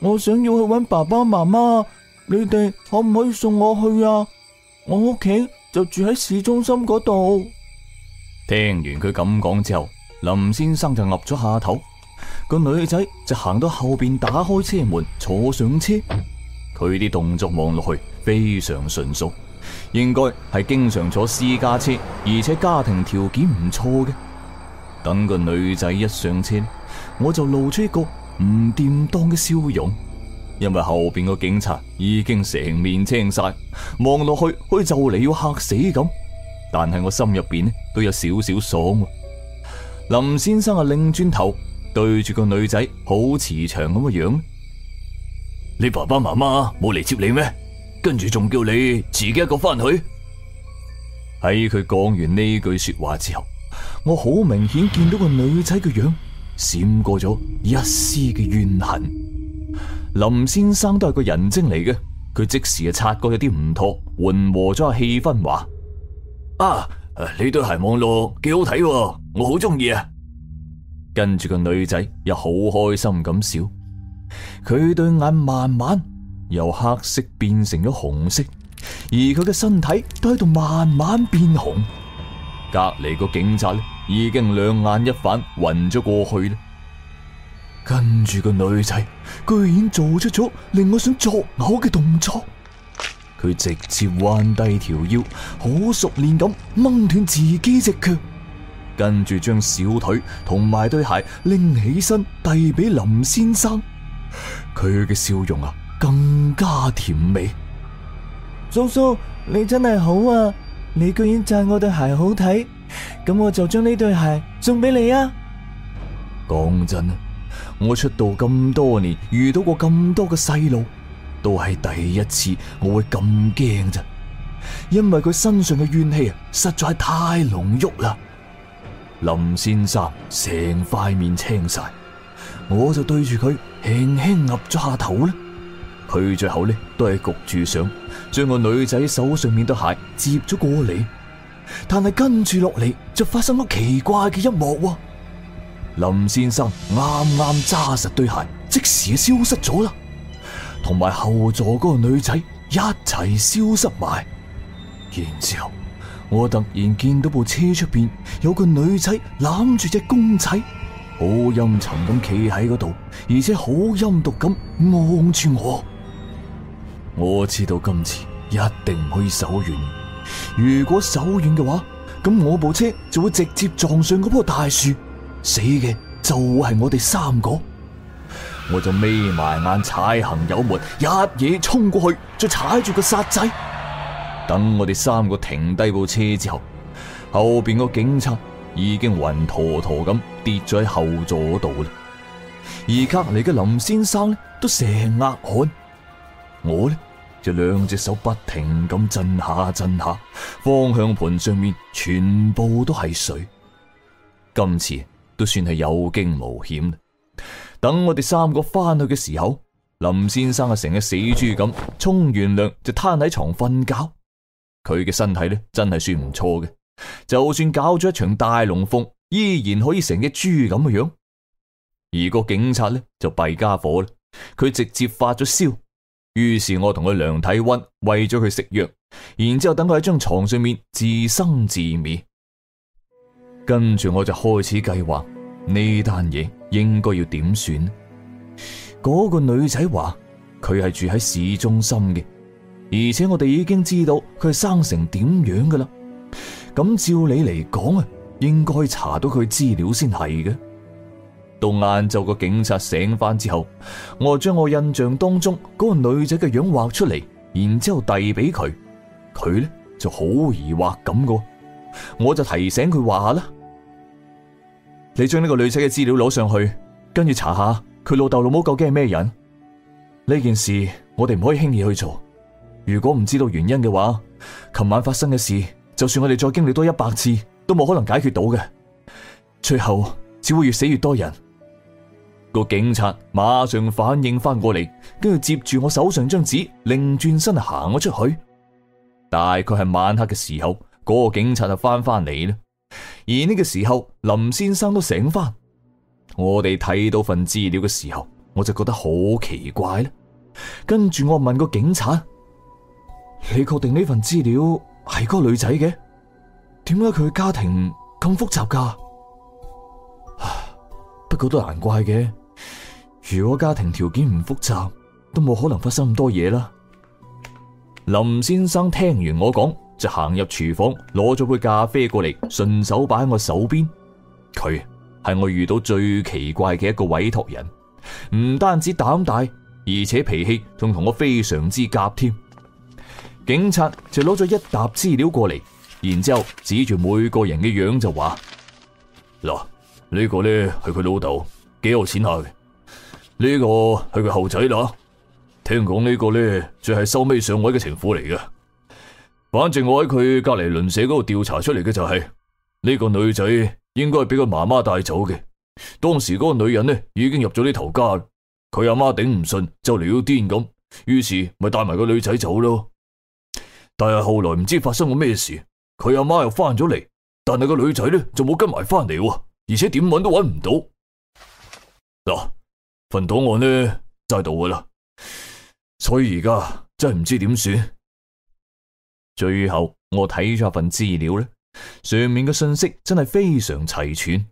我想要去搵爸爸媽媽，你哋可唔可以送我去啊？我屋企就住喺市中心嗰度。聽完佢咁講之後，林先生就岌咗下頭，個女仔就行到後邊打開車門坐上車。佢啲動作望落去非常迅速，應該係經常坐私家車，而且家庭條件唔錯嘅。等個女仔一上車，我就露出一個唔掂當嘅笑容。因為後邊個警察已經成面青晒，望落去好似就嚟要吓死咁。但係我心入邊呢都有少少爽啊。林先生啊，擰轉頭對住個女仔，好慈祥咁嘅樣。你爸爸媽媽冇嚟接你咩？跟住仲叫你自己一個翻去。喺佢講完呢句說話之後，我好明顯見到個女仔嘅樣閃過咗一絲嘅怨恨。林先生都係個人精嚟嘅，佢即時啊察覺有啲唔妥，緩和咗氣氛話：啊，啊，呢對鞋望落，幾好睇喎，我好中意啊！跟住個女仔又好開心咁笑，佢對眼慢慢由黑色變成咗紅色，而佢嘅身體都喺度慢慢變紅。隔籬個警察呢已經兩眼一反，暈咗過去啦。跟住個女仔，居然做出咗令我想作嘔嘅動作。佢直接彎低條腰，好熟練咁掹斷自己隻腳，跟住將小腿同埋對鞋拎起身遞俾林先生。佢嘅笑容啊，更加甜美。叔叔，你真係好啊！你居然讚我對鞋好睇，咁我就將呢對鞋送俾你啊！講真啊～我出道咁多年，遇到過咁多嘅細路，都係第一次我會咁驚咋，因為佢身上嘅怨氣啊，實在太濃郁啦。林先生成塊面青晒，我就對住佢輕輕岌咗下頭啦。佢最後呢都係焗住上，將個女仔手上面嘅鞋接咗過嚟，但係跟住落嚟就發生咗奇怪嘅一幕啊。林先生啱啱揸實對鞋，即時消失咗啦，同埋後座嗰個女仔一齊消失埋。然之後，我突然見到部車出邊有個女仔攬住隻公仔，好陰沉咁企喺嗰度，而且好陰毒咁望住我。我知道今次一定唔可以手軟，如果手軟嘅話，咁我部車就會直接撞上嗰棵大樹。死嘅就係我哋三個，我就眯埋眼踩行油門，一嘢衝過去，再踩住個剎掣。等我哋三個停低部車之後，後邊個警察已經暈陀陀咁跌咗喺後座度啦。而隔籬嘅林先生呢，都成額汗，我呢，就兩隻手不停咁震下震下，方向盤上面全部都係水。今次都算係有驚無險。等我哋三個翻去嘅時候，林先生啊成隻死豬咁，沖完涼就攤喺床瞓覺。佢嘅身體咧真係算唔錯嘅，就算搞咗一場大龍鳳，依然可以成隻豬咁嘅樣。而個警察咧就弊家伙啦，佢直接發咗燒，於是我同佢量體溫，餵咗佢食藥，然之後等佢喺張床上面自生自滅。跟住我就開始計劃呢單嘢，應該要點算？嗰個女仔話佢係住喺市中心嘅，而且我哋已經知道佢係生成點樣噶啦。咁照你嚟講啊，應該查到佢資料先係嘅。到晏晝個警察醒翻之後，我將我印象當中嗰個女仔嘅樣畫出嚟，然之後遞俾佢，佢咧就好疑惑咁個。我就提醒佢話下啦，你將呢個女仔嘅資料攞上去，跟住查下佢老豆老母究竟係咩人。呢件事我哋唔可以輕易去做，如果唔知道原因嘅話，琴晚發生嘅事，就算我哋再經歷多一百次，都冇可能解決到嘅，最後只會越死越多人。個警察馬上反應翻過嚟，跟住接住我手上張紙，擰轉身行咗出去。大概係晚黑嘅時候。嗰個警察就翻翻嚟啦，而呢個時候林先生都醒翻。我哋睇到份資料嘅時候，我就覺得好奇怪啦。跟住我問個警察，你確定呢份資料係嗰個女仔嘅？點解佢嘅家庭咁複雜㗎？不過都難怪嘅，如果家庭條件唔複雜，都冇可能發生咁多嘢啦。林先生聽完我講。就行入廚房攞咗杯咖啡過嚟，順手擺喺我手邊。佢係我遇到最奇怪嘅一個委託人，唔單止膽大，而且脾氣仲同我非常之夾添。警察就攞咗一沓資料過嚟，然之後指住每個人嘅樣就話，嗱，呢個咧係佢老豆，幾有錢下？呢個係佢後仔啦，聽講呢個咧最係收尾上位嘅情婦嚟嘅。反正我喺佢隔籬鄰舍嗰度調查出嚟嘅就係呢個女仔應該係俾個媽媽帶走嘅。當時嗰個女人呢已經入咗呢頭家，佢阿媽頂唔順就嚟到癲咁，於是咪帶埋個女仔走咯。但係後來唔知發生咗咩事，佢阿媽又翻咗嚟，但係個女仔呢就冇跟埋翻嚟，而且點揾都揾唔到。嗱、啊，份檔案呢就係到噶啦，所以而家真係唔知點算。最後我睇咗一份資料咧，上面嘅信息真係非常齊全。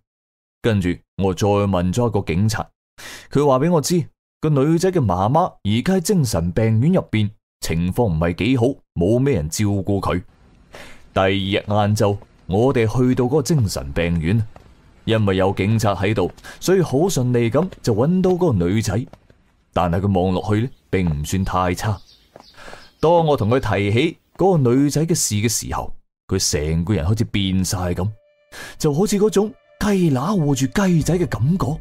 跟住我再問咗一個警察，佢話俾我知個女仔嘅媽媽而家喺精神病院入邊，情況唔係幾好，冇咩人照顧佢。第二日晏晝，我哋去到嗰個精神病院，因為有警察喺度，所以好順利咁就揾到嗰個女仔。但係佢望落去呢，並唔算太差。當我同佢提起，嗰個女仔嘅事嘅時候，佢成個人好似變晒咁，就好似嗰種雞乸護住雞仔嘅感覺。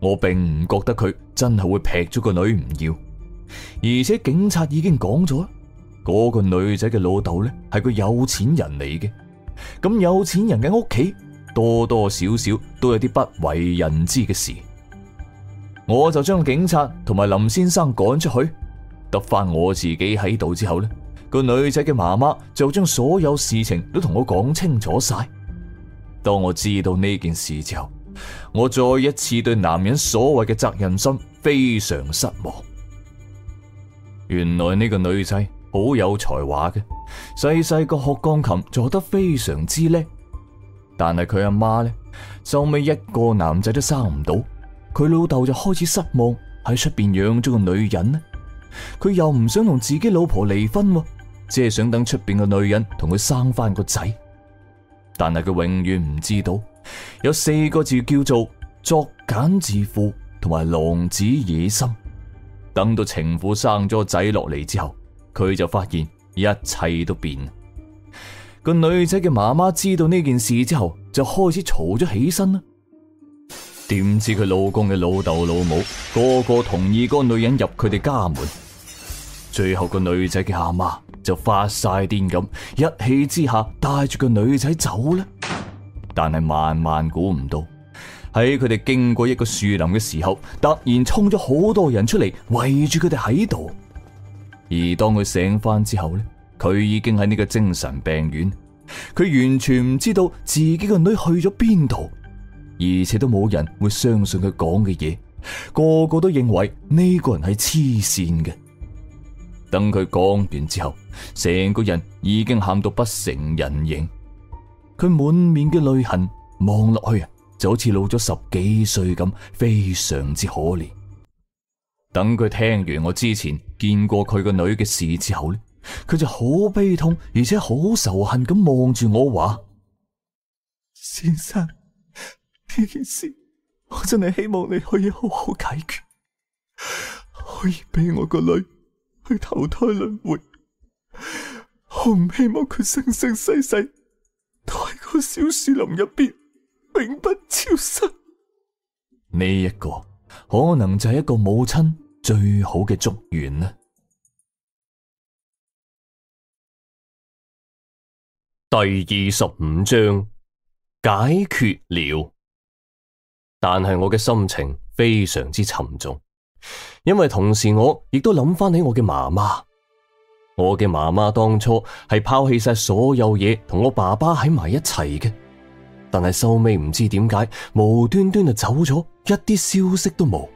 我並唔覺得佢真係會劈咗個女唔要，而且警察已經講咗，嗰個女仔嘅老豆咧係個有錢人嚟嘅。咁有錢人嘅屋企多多少少都有啲不為人知嘅事。我就將警察同埋林先生趕出去，得翻我自己喺度之後咧。個女仔嘅媽媽就將所有事情都同我講清楚晒。當我知道呢件事之後，我再一次對男人所謂嘅責任心非常失望。原來呢個女仔好有才華嘅，細細個學鋼琴做得非常之叻。但係佢阿媽呢，收尾一個男仔都生唔到，佢老豆就開始失望，喺出邊養咗個女人呢。佢又唔想同自己老婆離婚。即係想等出邊嘅女人同佢生翻個仔，但係佢永遠唔知道有四個字叫做作繭自縛同埋狼子野心。等到情婦生咗仔落嚟之後，佢就發現一切都變。個女仔嘅媽媽知道呢件事之後，就開始吵咗起身啦。點知佢老公嘅老豆老母個個同意個女人入佢哋家門。最後個女仔嘅阿媽就發晒癲咁，一氣之下帶住個女仔走啦。但係萬萬估唔到，喺佢哋經過一個樹林嘅時候，突然衝咗好多人出嚟圍住佢哋喺度。而當佢醒翻之後呢，佢已經喺呢個精神病院，佢完全唔知道自己個女去咗邊度，而且都冇人會相信佢講嘅嘢，個個都認為呢個人係黐線嘅。等佢講完之後，成個人已經喊到不成人形，佢滿面嘅淚痕，望落去啊，就好似老咗十幾歲咁，非常之可憐。等佢聽完我之前見過佢個女嘅事之後，呢佢就好悲痛，而且好仇恨咁望住我話：先生，呢件事我真係希望你可以好好解決，可以俾我個女。去投胎輪迴，我唔希望佢生生世世都喺個小樹林入邊永不超生。呢一個可能就係一個母親最好嘅祝願啦。第二十五章，解決了，但係我嘅心情非常之沉重。因為同時我亦都諗翻起我嘅媽媽，我嘅媽媽當初係拋棄晒所有嘢同我爸爸喺埋一齊嘅，但係收尾唔知點解無端端就走咗，一啲消息都冇。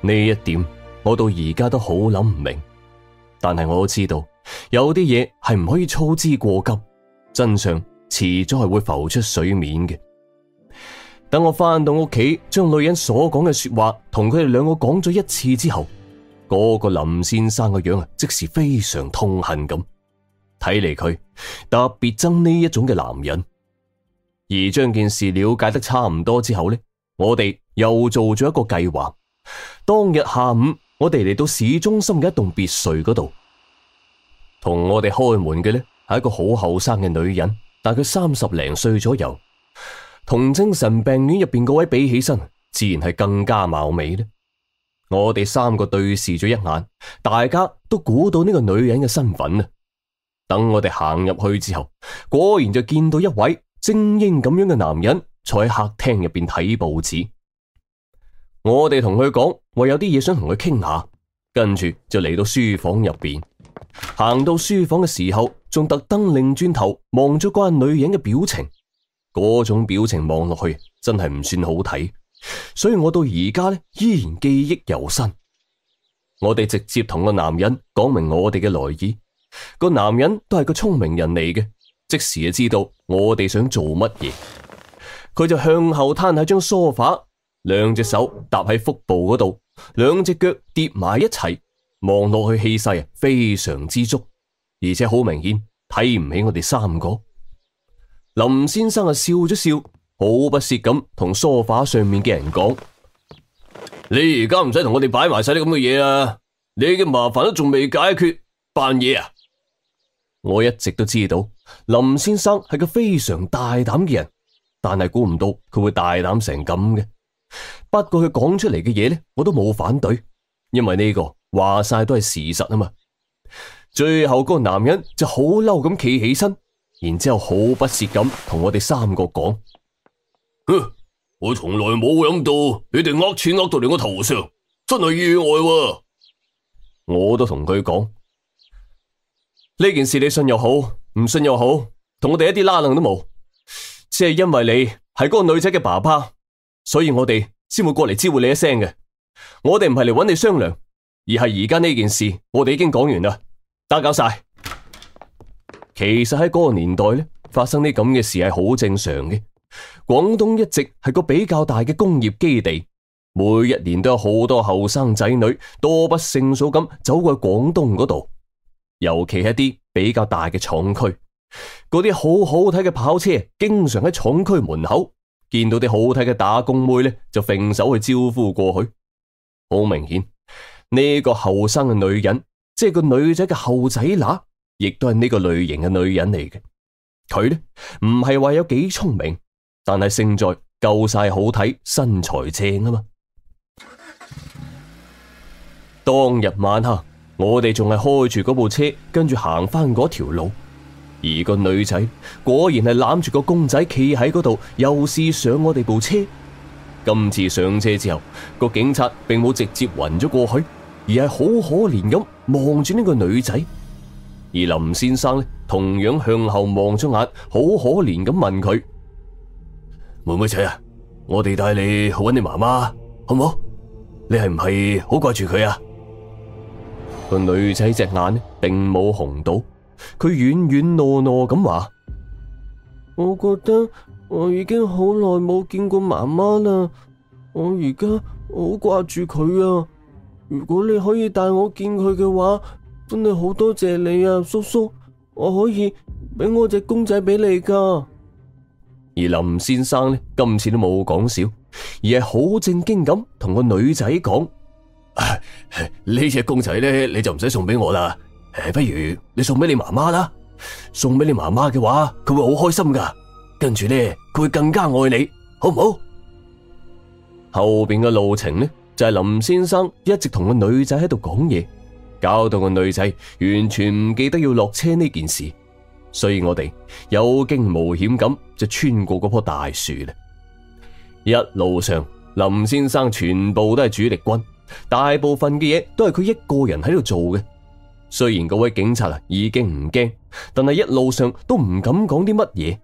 呢一點我到而家都好諗唔明，但係我知道有啲嘢係唔可以操之過急，真相遲早係會浮出水面嘅。等我翻到屋企，將女人所講嘅說話同佢哋兩個講咗一次之後，嗰個林先生嘅樣啊，即時非常痛恨咁，睇嚟佢特別憎呢一種嘅男人。而將件事了解得差唔多之後呢，我哋又做咗一個計劃。當日下午，我哋嚟到市中心嘅一棟別墅嗰度，同我哋開門嘅呢，係一個好後生嘅女人，大概三十零歲左右。同精神病院入邊嗰位，比起身，自然係更加貌美呢。我哋三個對視咗一眼，大家都估到呢個女人嘅身份啊。等我哋行入去之後，果然就見到一位精英咁樣嘅男人坐喺客廳入邊睇報紙。我哋同佢講，我有啲嘢想同佢傾下，跟住就嚟到書房入邊。行到書房嘅時候，仲特登擰轉頭望咗關女人嘅表情。嗰種表情望落去真係唔算好睇，所以我到而家呢依然記憶猶新。我哋直接同個男人講明我哋嘅來意，個男人都係個聰明人嚟嘅，即時就知道我哋想做乜嘢。佢就向後攤喺張梳化，兩隻手搭喺腹部嗰度，兩隻腳疊埋一齊，望落去氣勢啊非常之足，而且好明顯睇唔起我哋三個。林先生啊，笑咗笑，好不屑咁同梳化上面嘅人講：你而家唔使同我哋擺埋晒啲咁嘅嘢啊，你嘅麻煩都仲未解決，扮嘢啊！我一直都知道林先生係個非常大膽嘅人，但係估唔到佢會大膽成咁嘅。不過佢講出嚟嘅嘢呢，我都冇反對，因為呢個話晒都係事實啊嘛。最後嗰個男人就好嬲咁企起身。然之後好不屑咁同我哋三個講，哼，我從來冇諗到你哋呃錢呃到嚟我頭上，真係意外啊。我都同佢講，呢件事你信又好，唔信又好，同我哋一啲拉楞都冇。只係因為你係嗰個女仔嘅爸爸，所以我哋先會過嚟招呼你一聲嘅。我哋唔係嚟搵你商量，而係而家呢件事，我哋已經講完啦，打攪晒。其實喺嗰個年代咧，發生啲咁嘅事係好正常嘅。廣東一直係個比較大嘅工業基地，每一年都有好多後生仔女多不勝數咁走過去廣東嗰度。尤其係啲比較大嘅廠區，嗰啲好好睇嘅跑車，經常喺廠區門口見到啲好睇嘅打工妹咧，就揈手去招呼過去。好明顯，呢個後生嘅女人即係個女仔嘅後仔乸。亦都係呢個類型嘅女人嚟嘅，佢呢，唔係話有幾聰明，但係勝在夠晒好睇，身材正啊嘛。 當日晚黑，我哋仲係開住嗰部車，跟住行返嗰條路，而個女仔果然係攬住個公仔企喺嗰度，又試上我哋部車。今次上車之後，個警察並冇直接暈咗過去，而係好可憐咁望住呢個女仔。而林先生呢，同樣向後望咗眼，好可憐咁問佢：妹妹仔啊，我哋帶你去揾你媽媽，好唔好？你係唔係好掛住佢啊？個女仔隻眼呢，並冇紅到，佢軟軟糯糯咁話：我覺得我已經好耐冇見過媽媽啦，我而家好掛住佢啊！如果你可以帶我見佢嘅話，真係好多謝你啊，叔叔！我可以俾我隻公仔俾你噶。而林先生呢，今次都冇講笑，而係好正經咁同個女仔講：呢隻、啊啊、公仔呢，你就唔使送俾我啦。誒、啊，不如你送俾你媽媽啦。送俾你媽媽嘅話，佢會好開心噶。跟住呢，佢會更加愛你，好唔好？後邊嘅路程呢，就係、是、林先生一直同個女仔喺度講嘢。搞到個女仔完全唔記得要落車呢件事，所以我哋有驚無險咁就穿過嗰棵大樹啦。一路上，林先生全部都係主力軍，大部分嘅嘢都係佢一個人喺度做嘅。雖然嗰位警察啊已經唔驚，但係一路上都唔敢講啲乜嘢。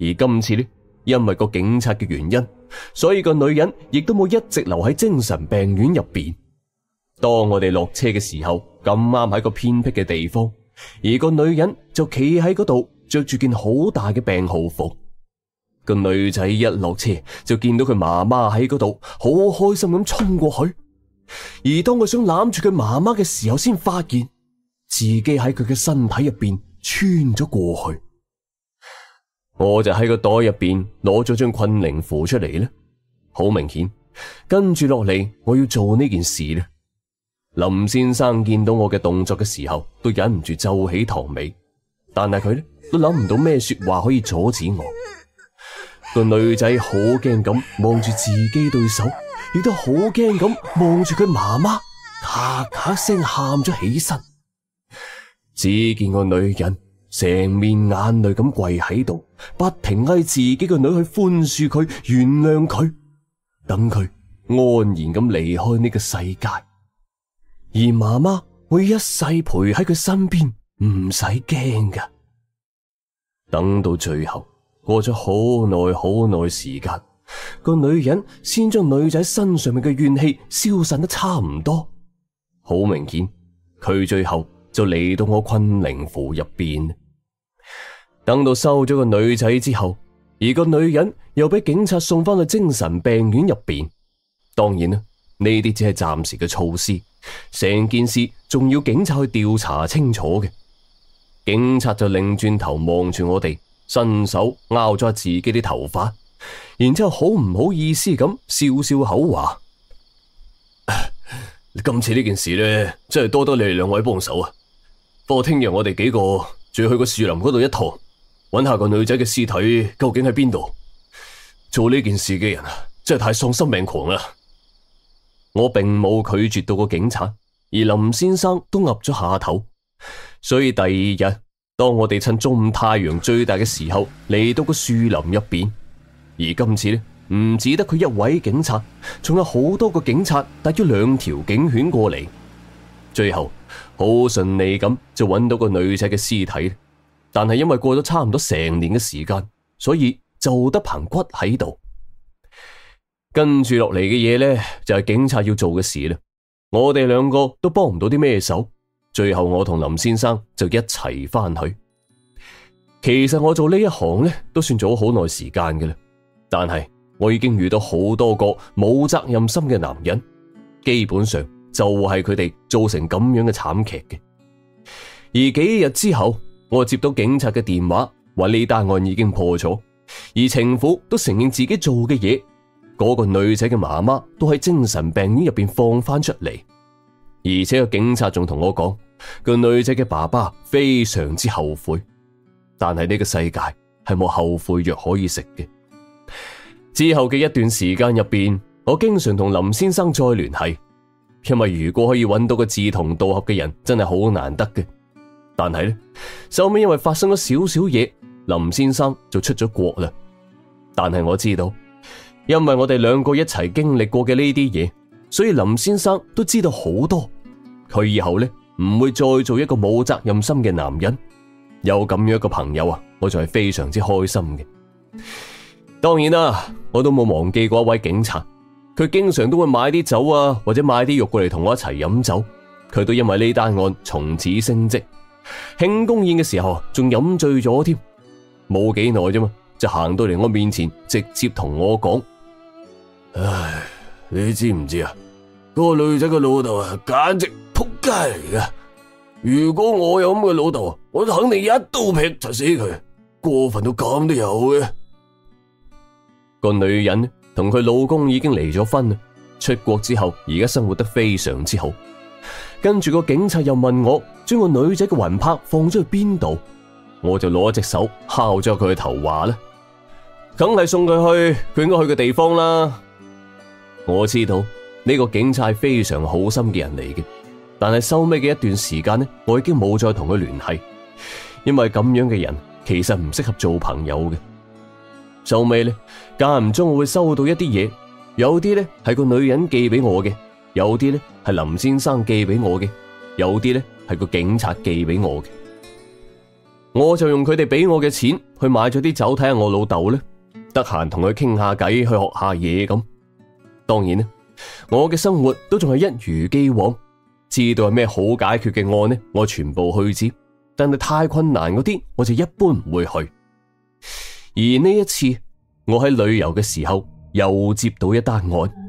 而今次呢，因為個警察嘅原因，所以個女人亦都冇一直留喺精神病院入邊。當我哋落車嘅時候，咁啱喺個偏僻嘅地方，而個女人就企喺嗰度，着住件好大嘅病號服。個女仔一落車就見到佢媽媽喺嗰度，好開心咁衝過去。而當佢想攬住佢媽媽嘅時候，先發現自己喺佢嘅身體入邊穿咗過去。我就喺個袋入邊攞咗張困靈符出嚟咧，好明顯。跟住落嚟，我要做呢件事咧。林先生見到我嘅動作嘅時候，都忍唔住皺起眉頭。但係佢呢都諗唔到咩說話可以阻止我。個 女仔好驚咁望住自己對手，亦都好驚咁望住佢媽媽，咔咔聲喊咗起身。 只見個女人成面眼淚咁跪喺度，不停嗌自己個女去寬恕佢、原諒佢，等佢安然咁離開呢個世界。而媽媽會一世陪喺佢身邊，唔使驚噶。等到最後，過咗好耐好耐時間，個女人先將女仔身上面嘅怨氣消散得差唔多。好明顯，佢最後就嚟到我昆凌符入邊。等到收咗個女仔之後，而個女人又俾警察送翻去精神病院入邊。當然啦。呢啲只係暫時嘅措施，成件事仲要警察去調查清楚嘅。警察就擰轉頭望住我哋，伸手拗咗自己啲頭髮，然之後好唔好意思咁笑笑口話：今次呢件事呢，真係多多你哋兩位幫手啊！不過聽日我哋幾個仲要去個樹林嗰度一趟，揾下個女仔嘅屍體究竟喺邊度。做呢件事嘅人啊，真係太喪心病狂啦！我並冇拒絕到個警察，而林先生都岌咗下頭。所以第二日，當我哋趁中午太陽最大嘅時候嚟到個樹林入邊，而今次呢，唔止得佢一位警察，仲有好多個警察帶咗兩條警犬過嚟。最後好順利咁就揾到個女仔嘅屍體，但係因為過咗差唔多成年嘅時間，所以就得棚骨喺度。跟住落嚟嘅嘢呢，就係警察要做嘅事啦。我哋兩個都幫唔到啲咩手，最後我同林先生就一齊翻去。其實我做呢一行呢，都算做好耐時間嘅啦。但係我已經遇到好多個冇責任心嘅男人，基本上就係佢哋造成咁樣嘅慘劇嘅。而幾日之後，我接到警察嘅電話，話呢單案已經破咗，而情婦都承認自己做嘅嘢。嗰個女仔嘅媽媽都喺精神病院入邊放翻出嚟，而且個警察仲同我講，個女仔嘅爸爸非常之後悔，但係呢個世界係冇後悔藥可以食嘅。之後嘅一段時間入邊，我經常同林先生再聯繫，因為如果可以揾到個志同道合嘅人，真係好難得嘅。但係呢，後尾因為發生咗少少嘢，林先生就出咗國啦。但係我知道。因為我哋兩個一齊經歷過嘅呢啲嘢，所以林先生都知道好多。佢以後呢唔會再做一個冇責任心嘅男人。有咁樣一個朋友啊，我就係非常之開心嘅。當然啦，我都冇忘記過一位警察，佢經常都會買啲酒啊，或者買啲肉過嚟同我一齊飲酒。佢都因為呢單案從此升職，慶功宴嘅時候仲飲醉咗添。冇幾耐啫嘛，就行到嚟我面前，直接同我講。唉，你知唔知啊？嗰個女仔嘅老豆啊，簡直扑街嚟噶。如果我有咁嘅老豆，我就肯定一刀劈就死佢，過分到咁都有嘅。個女人同佢老公已經離咗婚啦。出國之後，而家生活得非常之好。跟住個警察又問我，將個女仔嘅魂魄放咗去邊度？我就攞隻手敲咗佢嘅頭，話啦，梗係送佢去佢應該去嘅地方啦。我知道，呢個警察係非常好心嘅人嚟嘅，但係收尾嘅一段時間呢，我已經冇再同佢聯繫，因為咁樣嘅人其實唔適合做朋友嘅。收尾呢，間唔中我會收到一啲嘢，有啲呢係個女人寄俾我嘅，有啲呢係林先生寄俾我嘅，有啲呢係個警察寄俾我嘅。我就用佢哋俾我嘅錢去買咗啲酒，睇下我老豆呢，得閒同佢傾下偈，去學下嘢咁。當然咧，我嘅生活都仲係一如既往。知道係咩好解決嘅案呢？我全部去接，但係太困難嗰啲，我就一般唔會去。而呢一次，我喺旅遊嘅時候又接到一單案。